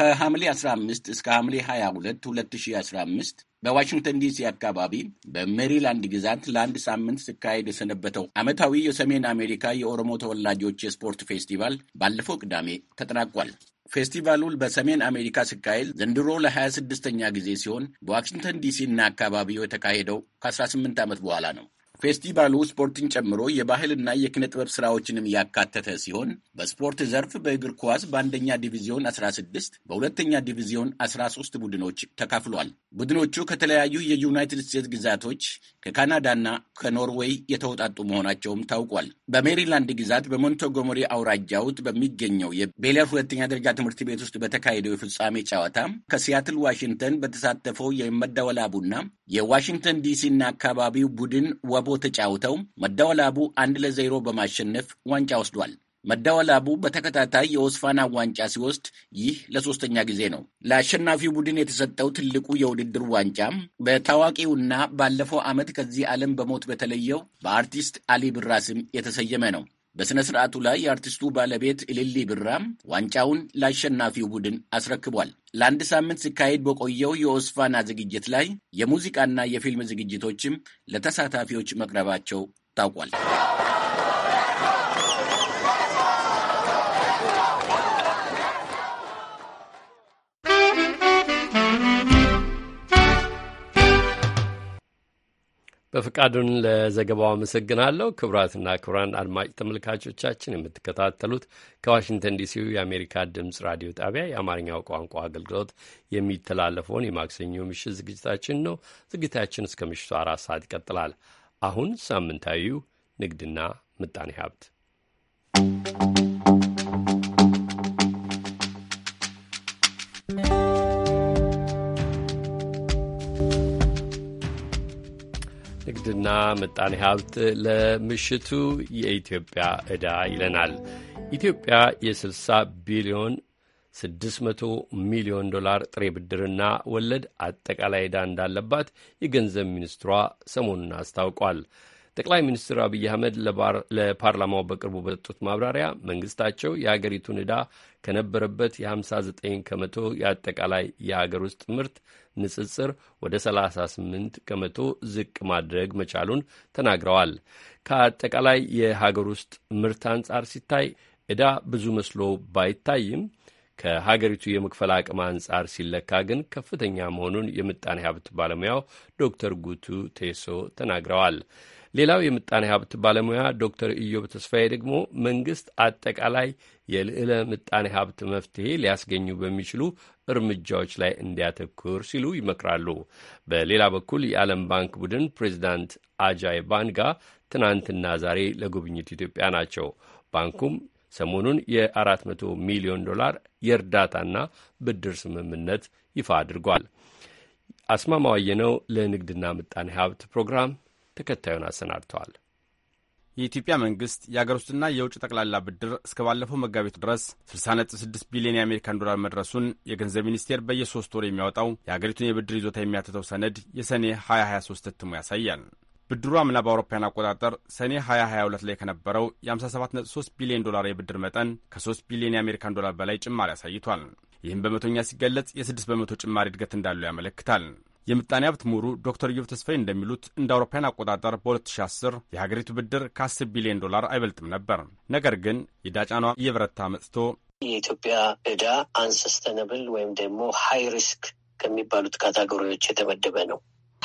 ከሐምሌ 15 እስከ ሐምሌ 22 2015 በዋሽንግተን ዲሲ አካባቢ በሜሪላንድ ግዛት ለአንድ ሳምንት ሲካሄድ የሰነበተው ዓመታዊ የሰሜን አሜሪካ የኦሮሞ ተወላጆች የስፖርት ፌስቲቫል ባለፈው ቅዳሜ ተጠናቋል። ፌስቲቫሉ በሰሜን አሜሪካ ሲካሄድ ዘንድሮ ለ26ኛ ጊዜ ሲሆን በዋሽንግተን ዲሲ እና አካባቢው የተካሄደው ከ18 ዓመት በኋላ ነው። ፌስቲቫሉ ስፖርትን ጨምሮ የባህልና የኪነ ጥበብ ስራዎችንም ያካተተ ሲሆን በስፖርት ዘርፍ በእግር ኳስ በአንደኛ ዲቪዚዮን 16 በሁለተኛ ዲቪዚዮን 13 ቡድኖች ተካፍሏል። ቡድኖቹ ከተለያዩ የዩናይትድ ስቴትስ ግዛቶች ከካናዳና ከኖርዌይ የተውጣጡ መሆናቸውም ታውቋል። በሜሪላንድ ግዛት በሞንቶጎመሪ አውራጃ ውስጥ በሚገኘው የቤለር ሁለተኛ ደረጃ ትምህርት ቤት ውስጥ በተካሄደው የፍጻሜ ጨዋታ ከሲያትል ዋሽንግተን በተሳተፈው የመደወላ ቡና የዋሽንግተን ዲሲ አካባቢው ቡድን ወቡ ተጫውተው መደወላቡ አንድ ለዜሮ በማሸነፍ ዋንጫ ወስዷል። መደወላቡ በተከታታይ የወስፋና ዋንጫ ሲወስድ ይህ ለሶስተኛ ጊዜ ነው። ለአሸናፊው ቡድን የተሰጠው ትልቁ የውድድር ዋንጫ በታዋቂውና ባለፈው ዓመት ከዚህ ዓለም በሞት በተለየው በአርቲስት አሊ ብራ ስም የተሰየመ ነው። በሥነ ሥርዓቱ ላይ የአርቲስቱ ባለቤት እልሊ ብራም ዋንጫውን ለአሸናፊው ቡድን አስረክቧል። ለአንድ ሳምንት ሲካሄድ በቆየው የኦስፋና ዝግጅት ላይ የሙዚቃና የፊልም ዝግጅቶችም ለተሳታፊዎች መቅረባቸው ታውቋል። ፈቃዱን ለዘገባው አመሰግናለሁ። ክቡራትና ክቡራን አድማጭ ተመልካቾቻችን የምትከታተሉት ከዋሽንግተን ዲሲው የአሜሪካ ድምፅ ራዲዮ ጣቢያ የአማርኛው ቋንቋ አገልግሎት የሚተላለፈውን የማክሰኞ ምሽት ዝግጅታችን ነው። ዝግጅታችን እስከ ምሽቱ አራት ሰዓት ይቀጥላል። አሁን ሳምንታዊው ንግድና ምጣኔ ሀብት ንግድና ምጣኔ ሀብት ለምሽቱ የኢትዮጵያ ዕዳ ይለናል። ኢትዮጵያ የ60 ቢሊዮን 600 ሚሊዮን ዶላር ጥሬ ብድርና ወለድ አጠቃላይ ዕዳ እንዳለባት የገንዘብ ሚኒስትሯ ሰሞኑን አስታውቋል። ጠቅላይ ሚኒስትር አብይ አህመድ ለፓርላማው በቅርቡ በሰጡት ማብራሪያ መንግስታቸው የአገሪቱን ዕዳ ከነበረበት የ59 ከመቶ የአጠቃላይ የአገር ውስጥ ምርት ንጽጽር ወደ 38 ከመቶ ዝቅ ማድረግ መቻሉን ተናግረዋል። ከአጠቃላይ የሀገር ውስጥ ምርት አንጻር ሲታይ ዕዳ ብዙ መስሎ ባይታይም ከሀገሪቱ የመክፈል አቅም አንጻር ሲለካ ግን ከፍተኛ መሆኑን የምጣኔ ሀብት ባለሙያው ዶክተር ጉቱ ቴሶ ተናግረዋል። ሌላው የምጣኔ ሀብት ባለሙያ ዶክተር ኢዮብ ተስፋዬ ደግሞ መንግስት አጠቃላይ የልዕለ ምጣኔ ሀብት መፍትሄ ሊያስገኙ በሚችሉ እርምጃዎች ላይ እንዲያተኩር ሲሉ ይመክራሉ። በሌላ በኩል የዓለም ባንክ ቡድን ፕሬዚዳንት አጃይ ባንጋ ትናንትና ዛሬ ለጉብኝት ኢትዮጵያ ናቸው። ባንኩም ሰሞኑን የ400 ሚሊዮን ዶላር የእርዳታና ብድር ስምምነት ይፋ አድርጓል። አስማማው አየነው ለንግድና ምጣኔ ሀብት ፕሮግራም ተከታዩን አሰናድተዋል። የኢትዮጵያ መንግስት የአገር ውስጥና የውጭ ጠቅላላ ብድር እስከ ባለፈው መጋቢት ድረስ 60.6 ቢሊዮን የአሜሪካን ዶላር መድረሱን የገንዘብ ሚኒስቴር በየሶስት ወር የሚያወጣው የአገሪቱን የብድር ይዞታ የሚያትተው ሰነድ የሰኔ 2023 እትሙ ያሳያል። ብድሩ አምና በአውሮፓውያን አቆጣጠር ሰኔ 2022 ላይ ከነበረው የ57.3 ቢሊዮን ዶላር የብድር መጠን ከ3 ቢሊዮን የአሜሪካን ዶላር በላይ ጭማሪ አሳይቷል። ይህም በመቶኛ ሲገለጽ የ6 በመቶ ጭማሪ እድገት እንዳለው ያመለክታል። የምጣኔ ሀብት ምሁሩ ዶክተር ኢዮብ ተስፋይ እንደሚሉት እንደ አውሮፓውያን አቆጣጠር በ2010 የሀገሪቱ ብድር ከ10 ቢሊዮን ዶላር አይበልጥም ነበር። ነገር ግን የዕዳ ጫናዋ እየበረታ መጥቶ የኢትዮጵያ ዕዳ አንሰስተነብል ወይም ደግሞ ሀይ ሪስክ ከሚባሉት ካታጎሪዎች የተመደበ ነው።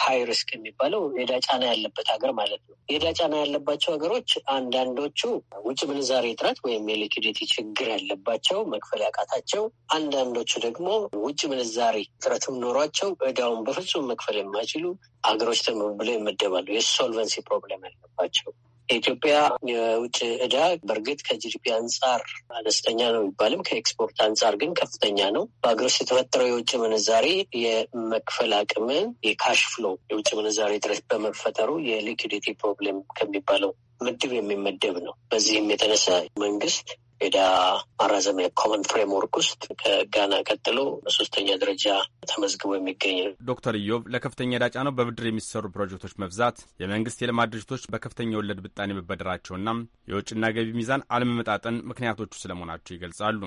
ሀይ ሪስክ የሚባለው የዕዳ ጫና ያለበት ሀገር ማለት ነው። የዕዳ ጫና ያለባቸው ሀገሮች አንዳንዶቹ ውጭ ምንዛሬ እጥረት ወይም የሊኩዲቲ ችግር ያለባቸው መክፈል ያቃታቸው፣ አንዳንዶቹ ደግሞ ውጭ ምንዛሬ እጥረትም ኖሯቸው ዕዳውን በፍጹም መክፈል የማይችሉ ሀገሮች ተብሎ ይመደባሉ። የሶልቨንሲ ፕሮብለም ያለባቸው የኢትዮጵያ የውጭ እዳ በእርግጥ ከጂዲፒ አንጻር አነስተኛ ነው የሚባልም ከኤክስፖርት አንጻር ግን ከፍተኛ ነው። በሀገር ውስጥ የተፈጠረው የውጭ ምንዛሬ የመክፈል አቅምን የካሽ ፍሎ የውጭ ምንዛሬ እጥረት በመፈጠሩ የሊኩዲቲ ፕሮብሌም ከሚባለው ምድብ የሚመደብ ነው። በዚህም የተነሳ መንግስት ዳ ማራዘሚያ ኮመን ፍሬምወርክ ውስጥ ከጋና ቀጥሎ ሶስተኛ ደረጃ ተመዝግቦ የሚገኝ ነው። ዶክተር ኢዮብ ለከፍተኛ ዕዳ ነው በብድር የሚሰሩ ፕሮጀክቶች መብዛት፣ የመንግስት የልማት ድርጅቶች በከፍተኛ ወለድ ብጣኔ መበደራቸውና የውጭና ገቢ ሚዛን አለመመጣጠን ምክንያቶቹ ስለመሆናቸው ይገልጻሉ።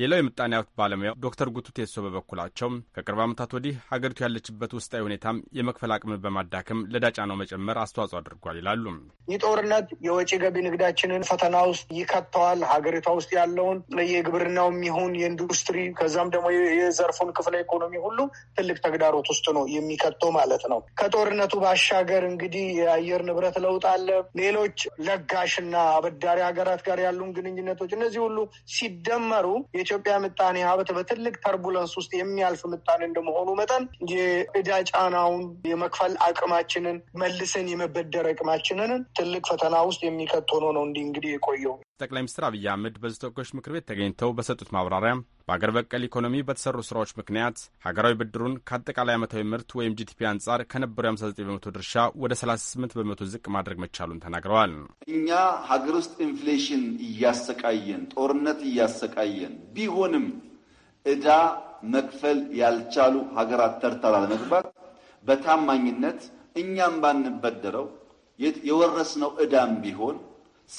ሌላው የምጣኔ ሀብት ባለሙያ ዶክተር ጉቱ ቴሶ በበኩላቸው ከቅርብ ዓመታት ወዲህ ሀገሪቱ ያለችበት ውስጣዊ ሁኔታም የመክፈል አቅምን በማዳከም ለዕዳ ጫናው መጨመር አስተዋጽኦ አድርጓል ይላሉ። ይህ ጦርነት የወጪ ገቢ ንግዳችንን ፈተና ውስጥ ይከተዋል። ሀገሪቷ ውስጥ ያለውን የግብርናው የሚሆን የኢንዱስትሪ ከዛም ደግሞ የዘርፉን ክፍለ ኢኮኖሚ ሁሉ ትልቅ ተግዳሮት ውስጥ ነው የሚከተው ማለት ነው። ከጦርነቱ ባሻገር እንግዲህ የአየር ንብረት ለውጥ አለ። ሌሎች ለጋሽና አበዳሪ ሀገራት ጋር ያሉን ግንኙነቶች፣ እነዚህ ሁሉ ሲደመሩ የኢትዮጵያ ምጣኔ ሀብት በትልቅ ተርቡለንስ ውስጥ የሚያልፍ ምጣኔ እንደመሆኑ መጠን የእዳ ጫናውን የመክፈል አቅማችንን መልሰን የመበደር አቅማችንን ትልቅ ፈተና ውስጥ የሚከት ሆኖ ነው እንዲህ እንግዲህ የቆየው። ጠቅላይ ሚኒስትር አብይ አህመድ በዚህ ተወካዮች ምክር ቤት ተገኝተው በሰጡት ማብራሪያ በአገር በቀል ኢኮኖሚ በተሰሩ ስራዎች ምክንያት ሀገራዊ ብድሩን ከአጠቃላይ ዓመታዊ ምርት ወይም ጂዲፒ አንጻር ከነበረው 59 በመቶ ድርሻ ወደ 38 በመቶ ዝቅ ማድረግ መቻሉን ተናግረዋል። እኛ ሀገር ውስጥ ኢንፍሌሽን እያሰቃየን፣ ጦርነት እያሰቃየን ቢሆንም እዳ መክፈል ያልቻሉ ሀገራት ተርታ ላለመግባት በታማኝነት እኛም ባንበደረው የወረስነው እዳም ቢሆን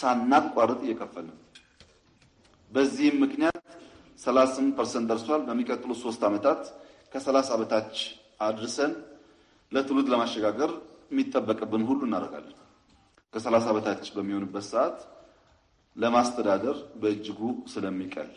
ሳናቋርጥ እየከፈልን በዚህም ምክንያት 38 ፐርሰንት ደርሷል። በሚቀጥሉት ሶስት ዓመታት ከሰላሳ በታች አድርሰን ለትውልድ ለማሸጋገር የሚጠበቅብን ሁሉ እናደርጋለን። ከሰላሳ በታች በሚሆንበት ሰዓት ለማስተዳደር በእጅጉ ስለሚቀል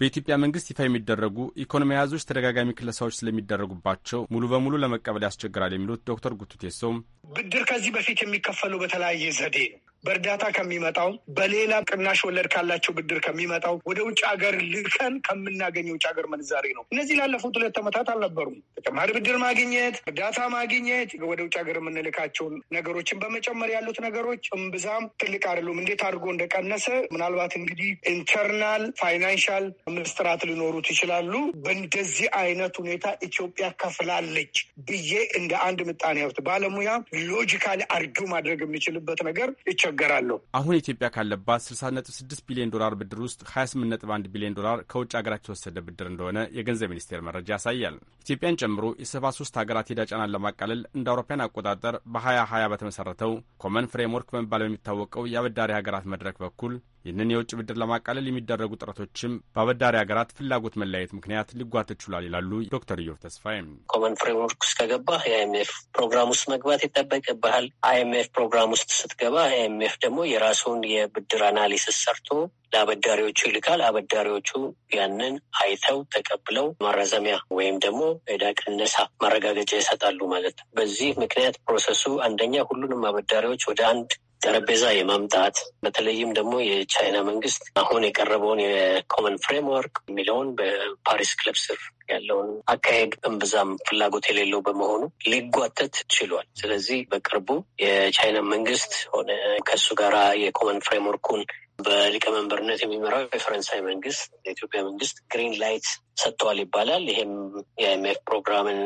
በኢትዮጵያ መንግስት ይፋ የሚደረጉ ኢኮኖሚ ያዞች ተደጋጋሚ ክለሳዎች ስለሚደረጉባቸው ሙሉ በሙሉ ለመቀበል ያስቸግራል የሚሉት ዶክተር ጉቱቴሶም ብድር ከዚህ በፊት የሚከፈለው በተለያየ ዘዴ ነው። በእርዳታ ከሚመጣው በሌላ ቅናሽ ወለድ ካላቸው ብድር ከሚመጣው ወደ ውጭ ሀገር ልከን ከምናገኘ ውጭ ሀገር ምንዛሬ ነው። እነዚህ ላለፉት ሁለት ዓመታት አልነበሩም። ተጨማሪ ብድር ማግኘት፣ እርዳታ ማግኘት፣ ወደ ውጭ ሀገር የምንልካቸውን ነገሮችን በመጨመር ያሉት ነገሮች እምብዛም ትልቅ አይደሉም። እንዴት አድርጎ እንደቀነሰ ምናልባት እንግዲህ ኢንተርናል ፋይናንሻል ምስጥራት ሊኖሩት ይችላሉ። በእንደዚህ አይነት ሁኔታ ኢትዮጵያ ከፍላለች ብዬ እንደ አንድ ምጣኔ ሀብት ባለሙያ ሎጂካሊ አርጊው ማድረግ የሚችልበት ነገር ይቸ እናገራለሁ። አሁን ኢትዮጵያ ካለባት 66 ቢሊዮን ዶላር ብድር ውስጥ 281 ቢሊዮን ዶላር ከውጭ ሀገራት የወሰደ ብድር እንደሆነ የገንዘብ ሚኒስቴር መረጃ ያሳያል። ኢትዮጵያን ጨምሮ የሰባ ሶስት ሀገራት የዕዳ ጫናን ለማቃለል እንደ አውሮፓውያን አቆጣጠር በ2020 በተመሰረተው ኮመን ፍሬምወርክ በመባል በሚታወቀው የአበዳሪ ሀገራት መድረክ በኩል ይህንን የውጭ ብድር ለማቃለል የሚደረጉ ጥረቶችም በአበዳሪ ሀገራት ፍላጎት መለያየት ምክንያት ሊጓተት ችሏል ይላሉ ዶክተር ኢዮብ ተስፋይም። ኮመን ፍሬምወርክ ውስጥ ከገባ የአይምኤፍ ፕሮግራም ውስጥ መግባት ይጠበቅብሃል። አይምኤፍ ፕሮግራም ውስጥ ስትገባ አይምኤፍ ደግሞ የራሱን የብድር አናሊሲስ ሰርቶ ለአበዳሪዎቹ ይልካል። አበዳሪዎቹ ያንን አይተው ተቀብለው ማራዘሚያ ወይም ደግሞ ዕዳ ቅነሳ ማረጋገጫ ይሰጣሉ ማለት ነው። በዚህ ምክንያት ፕሮሰሱ አንደኛ ሁሉንም አበዳሪዎች ወደ አንድ ጠረጴዛ የማምጣት በተለይም ደግሞ የቻይና መንግስት አሁን የቀረበውን የኮመን ፍሬምወርክ የሚለውን በፓሪስ ክለብ ስር ያለውን አካሄድ እምብዛም ፍላጎት የሌለው በመሆኑ ሊጓተት ችሏል። ስለዚህ በቅርቡ የቻይና መንግስት ሆነ ከሱ ጋራ የኮመን ፍሬምወርኩን በሊቀመንበርነት የሚመራው የፈረንሳይ መንግስት ለኢትዮጵያ መንግስት ግሪን ላይት ሰጥተዋል ይባላል። ይሄም የአይምኤፍ ፕሮግራምን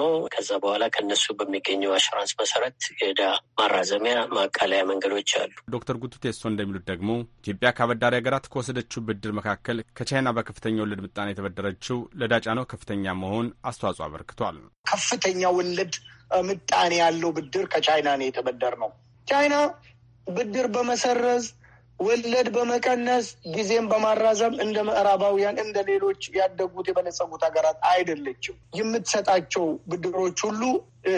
ነው። ከዛ በኋላ ከነሱ በሚገኘው አሽራንስ መሰረት የዕዳ ማራዘሚያ ማቃለያ መንገዶች አሉ። ዶክተር ጉቱ ቴሶ እንደሚሉት ደግሞ ኢትዮጵያ ከአበዳሪ ሀገራት ከወሰደችው ብድር መካከል ከቻይና በከፍተኛ ወለድ ምጣኔ የተበደረችው ለዳጫነው ከፍተኛ መሆን አስተዋጽኦ አበርክቷል። ከፍተኛ ወለድ ምጣኔ ያለው ብድር ከቻይና ነው የተበደር ነው። ቻይና ብድር በመሰረዝ ወለድ በመቀነስ ጊዜን በማራዘም እንደ ምዕራባውያን እንደ ሌሎች ያደጉት የበለጸጉት ሀገራት አይደለችም። የምትሰጣቸው ብድሮች ሁሉ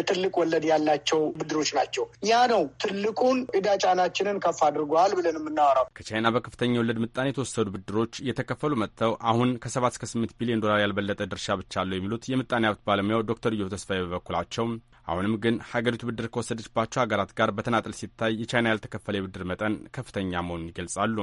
ትልቅ ወለድ ያላቸው ብድሮች ናቸው። ያ ነው ትልቁን ዕዳ ጫናችንን ከፍ አድርገዋል ብለን የምናወራው። ከቻይና በከፍተኛ ወለድ ምጣኔ የተወሰዱ ብድሮች እየተከፈሉ መጥተው አሁን ከሰባት እስከ ስምንት ቢሊዮን ዶላር ያልበለጠ ድርሻ ብቻ አለው የሚሉት የምጣኔ ሀብት ባለሙያው ዶክተር ዮ ተስፋዬ በበኩላቸው አሁንም ግን ሀገሪቱ ብድር ከወሰደችባቸው ሀገራት ጋር በተናጠል ሲታይ የቻይና ያልተከፈለ የብድር መጠን ከፍተኛ መሆኑን ይገልጻሉ።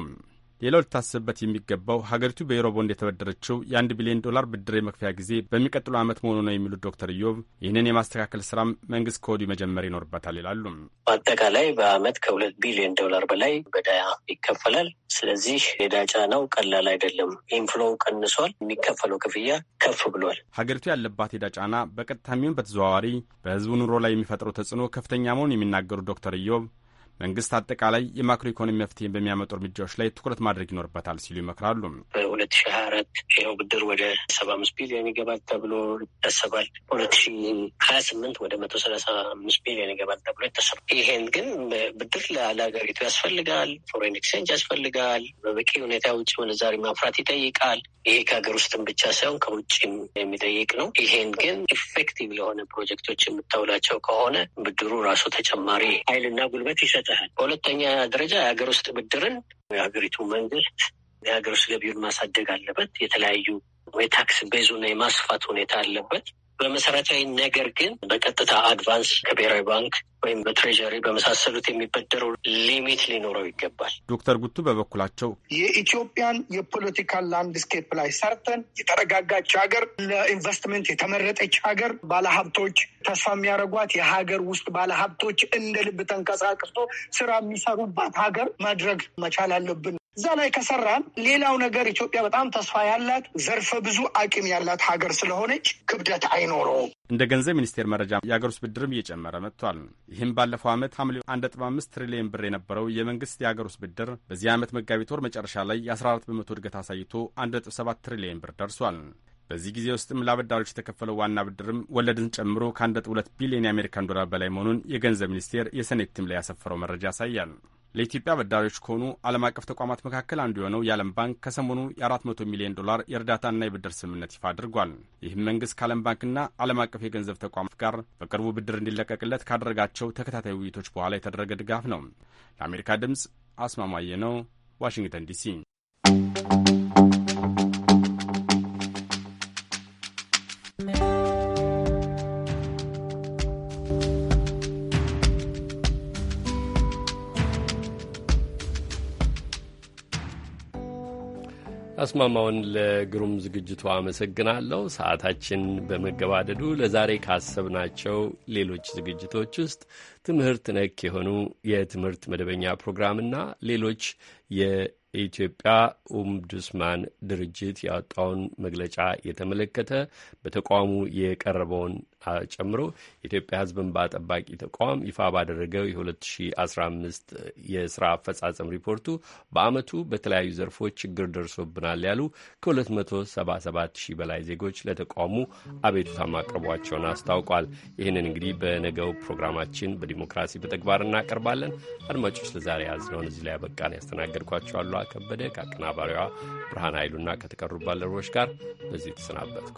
ሌላው ሊታሰብበት የሚገባው ሀገሪቱ በዩሮ ቦንድ የተበደረችው የአንድ ቢሊዮን ዶላር ብድር የመክፈያ ጊዜ በሚቀጥለው ዓመት መሆኑ ነው የሚሉት ዶክተር ኢዮብ ይህንን የማስተካከል ስራም መንግስት ከወዲሁ መጀመር ይኖርበታል ይላሉ። በአጠቃላይ በአመት ከሁለት ቢሊዮን ዶላር በላይ በዳያ ይከፈላል። ስለዚህ የዳጫ ነው ቀላል አይደለም። ኢንፍሎው ቀንሷል፣ የሚከፈለው ክፍያ ከፍ ብሏል። ሀገሪቱ ያለባት የዳጫና በቀጥታ በቀጥታም በተዘዋዋሪ በህዝቡ ኑሮ ላይ የሚፈጥረው ተጽዕኖ ከፍተኛ መሆኑን የሚናገሩት ዶክተር ኢዮብ መንግስት አጠቃላይ የማክሮ ኢኮኖሚ መፍትሄን በሚያመጡ እርምጃዎች ላይ ትኩረት ማድረግ ይኖርበታል ሲሉ ይመክራሉ። በሁለት ሺ ሀያ አራት ይኸው ብድር ወደ ሰባ አምስት ቢሊዮን ይገባል ተብሎ ይታሰባል። ሁለት ሺ ሀያ ስምንት ወደ መቶ ሰላሳ አምስት ቢሊዮን ይገባል ተብሎ ይታሰባል። ይሄን ግን ብድር ለሀገሪቱ ያስፈልጋል። ፎሬን ኤክስቼንጅ ያስፈልጋል። በበቂ ሁኔታ ውጭ ምንዛሪ ማፍራት ይጠይቃል። ይሄ ከሀገር ውስጥም ብቻ ሳይሆን ከውጭም የሚጠይቅ ነው። ይሄን ግን ኢፌክቲቭ ለሆነ ፕሮጀክቶች የምታውላቸው ከሆነ ብድሩ ራሱ ተጨማሪ ኃይልና ጉልበት ይሰጣል። ይሰጥሃል። በሁለተኛ ደረጃ የሀገር ውስጥ ብድርን የሀገሪቱ መንግስት የሀገር ውስጥ ገቢውን ማሳደግ አለበት። የተለያዩ የታክስ ቤዙን የማስፋት ሁኔታ አለበት። በመሰረታዊ ነገር ግን በቀጥታ አድቫንስ ከብሔራዊ ባንክ ወይም በትሬጀሪ በመሳሰሉት የሚበደረው ሊሚት ሊኖረው ይገባል። ዶክተር ጉቱ በበኩላቸው የኢትዮጵያን የፖለቲካል ላንድስኬፕ ላይ ሰርተን የተረጋጋች ሀገር፣ ለኢንቨስትመንት የተመረጠች ሀገር፣ ባለሀብቶች ተስፋ የሚያደርጓት የሀገር ውስጥ ባለሀብቶች እንደ ልብ ተንቀሳቅሶ ስራ የሚሰሩባት ሀገር ማድረግ መቻል አለብን። እዛ ላይ ከሰራን ሌላው ነገር ኢትዮጵያ በጣም ተስፋ ያላት ዘርፈ ብዙ አቅም ያላት ሀገር ስለሆነች ክብደት አይኖረውም። እንደ ገንዘብ ሚኒስቴር መረጃ የአገር ውስጥ ብድርም እየጨመረ መጥቷል። ይህም ባለፈው ዓመት ሐምሌ 1.5 ትሪሊዮን ብር የነበረው የመንግስት የአገር ውስጥ ብድር በዚህ ዓመት መጋቢት ወር መጨረሻ ላይ የ14 በመቶ እድገት አሳይቶ 1.7 ትሪሊዮን ብር ደርሷል። በዚህ ጊዜ ውስጥም ለአበዳሪዎች የተከፈለው ዋና ብድርም ወለድን ጨምሮ ከ1.2 ቢሊዮን የአሜሪካን ዶላር በላይ መሆኑን የገንዘብ ሚኒስቴር የሰኔት ቲም ላይ ያሰፈረው መረጃ ያሳያል። ለኢትዮጵያ በዳሪዎች ከሆኑ ዓለም አቀፍ ተቋማት መካከል አንዱ የሆነው የዓለም ባንክ ከሰሞኑ የ400 ሚሊዮን ዶላር የእርዳታና የብድር ስምምነት ይፋ አድርጓል። ይህም መንግሥት ከዓለም ባንክና ዓለም አቀፍ የገንዘብ ተቋማት ጋር በቅርቡ ብድር እንዲለቀቅለት ካደረጋቸው ተከታታይ ውይይቶች በኋላ የተደረገ ድጋፍ ነው። ለአሜሪካ ድምፅ አስማማየ ነው፣ ዋሽንግተን ዲሲ አስማማውን ለግሩም ዝግጅቱ አመሰግናለሁ። ሰዓታችን በመገባደዱ ለዛሬ ካሰብናቸው ሌሎች ዝግጅቶች ውስጥ ትምህርት ነክ የሆኑ የትምህርት መደበኛ ፕሮግራምና ሌሎች የኢትዮጵያ ኡምዱስማን ድርጅት ያወጣውን መግለጫ የተመለከተ በተቋሙ የቀረበውን ጨምሮ የኢትዮጵያ ሕዝብ እንባ ጠባቂ ተቋም ይፋ ባደረገው የ2015 የስራ አፈጻጸም ሪፖርቱ በአመቱ በተለያዩ ዘርፎች ችግር ደርሶብናል ያሉ ከ277 ሺህ በላይ ዜጎች ለተቋሙ አቤቱታ ማቅረቧቸውን አስታውቋል። ይህንን እንግዲህ በነገው ፕሮግራማችን በዲሞክራሲ በተግባር እናቀርባለን። አድማጮች ለዛሬ ያዝነውን እዚህ ላይ ያበቃን። ያስተናገድኳቸው አሉላ ከበደ ከአቀናባሪዋ ብርሃን ኃይሉና ከተቀሩ ባልደረቦች ጋር በዚህ ተሰናበትኩ።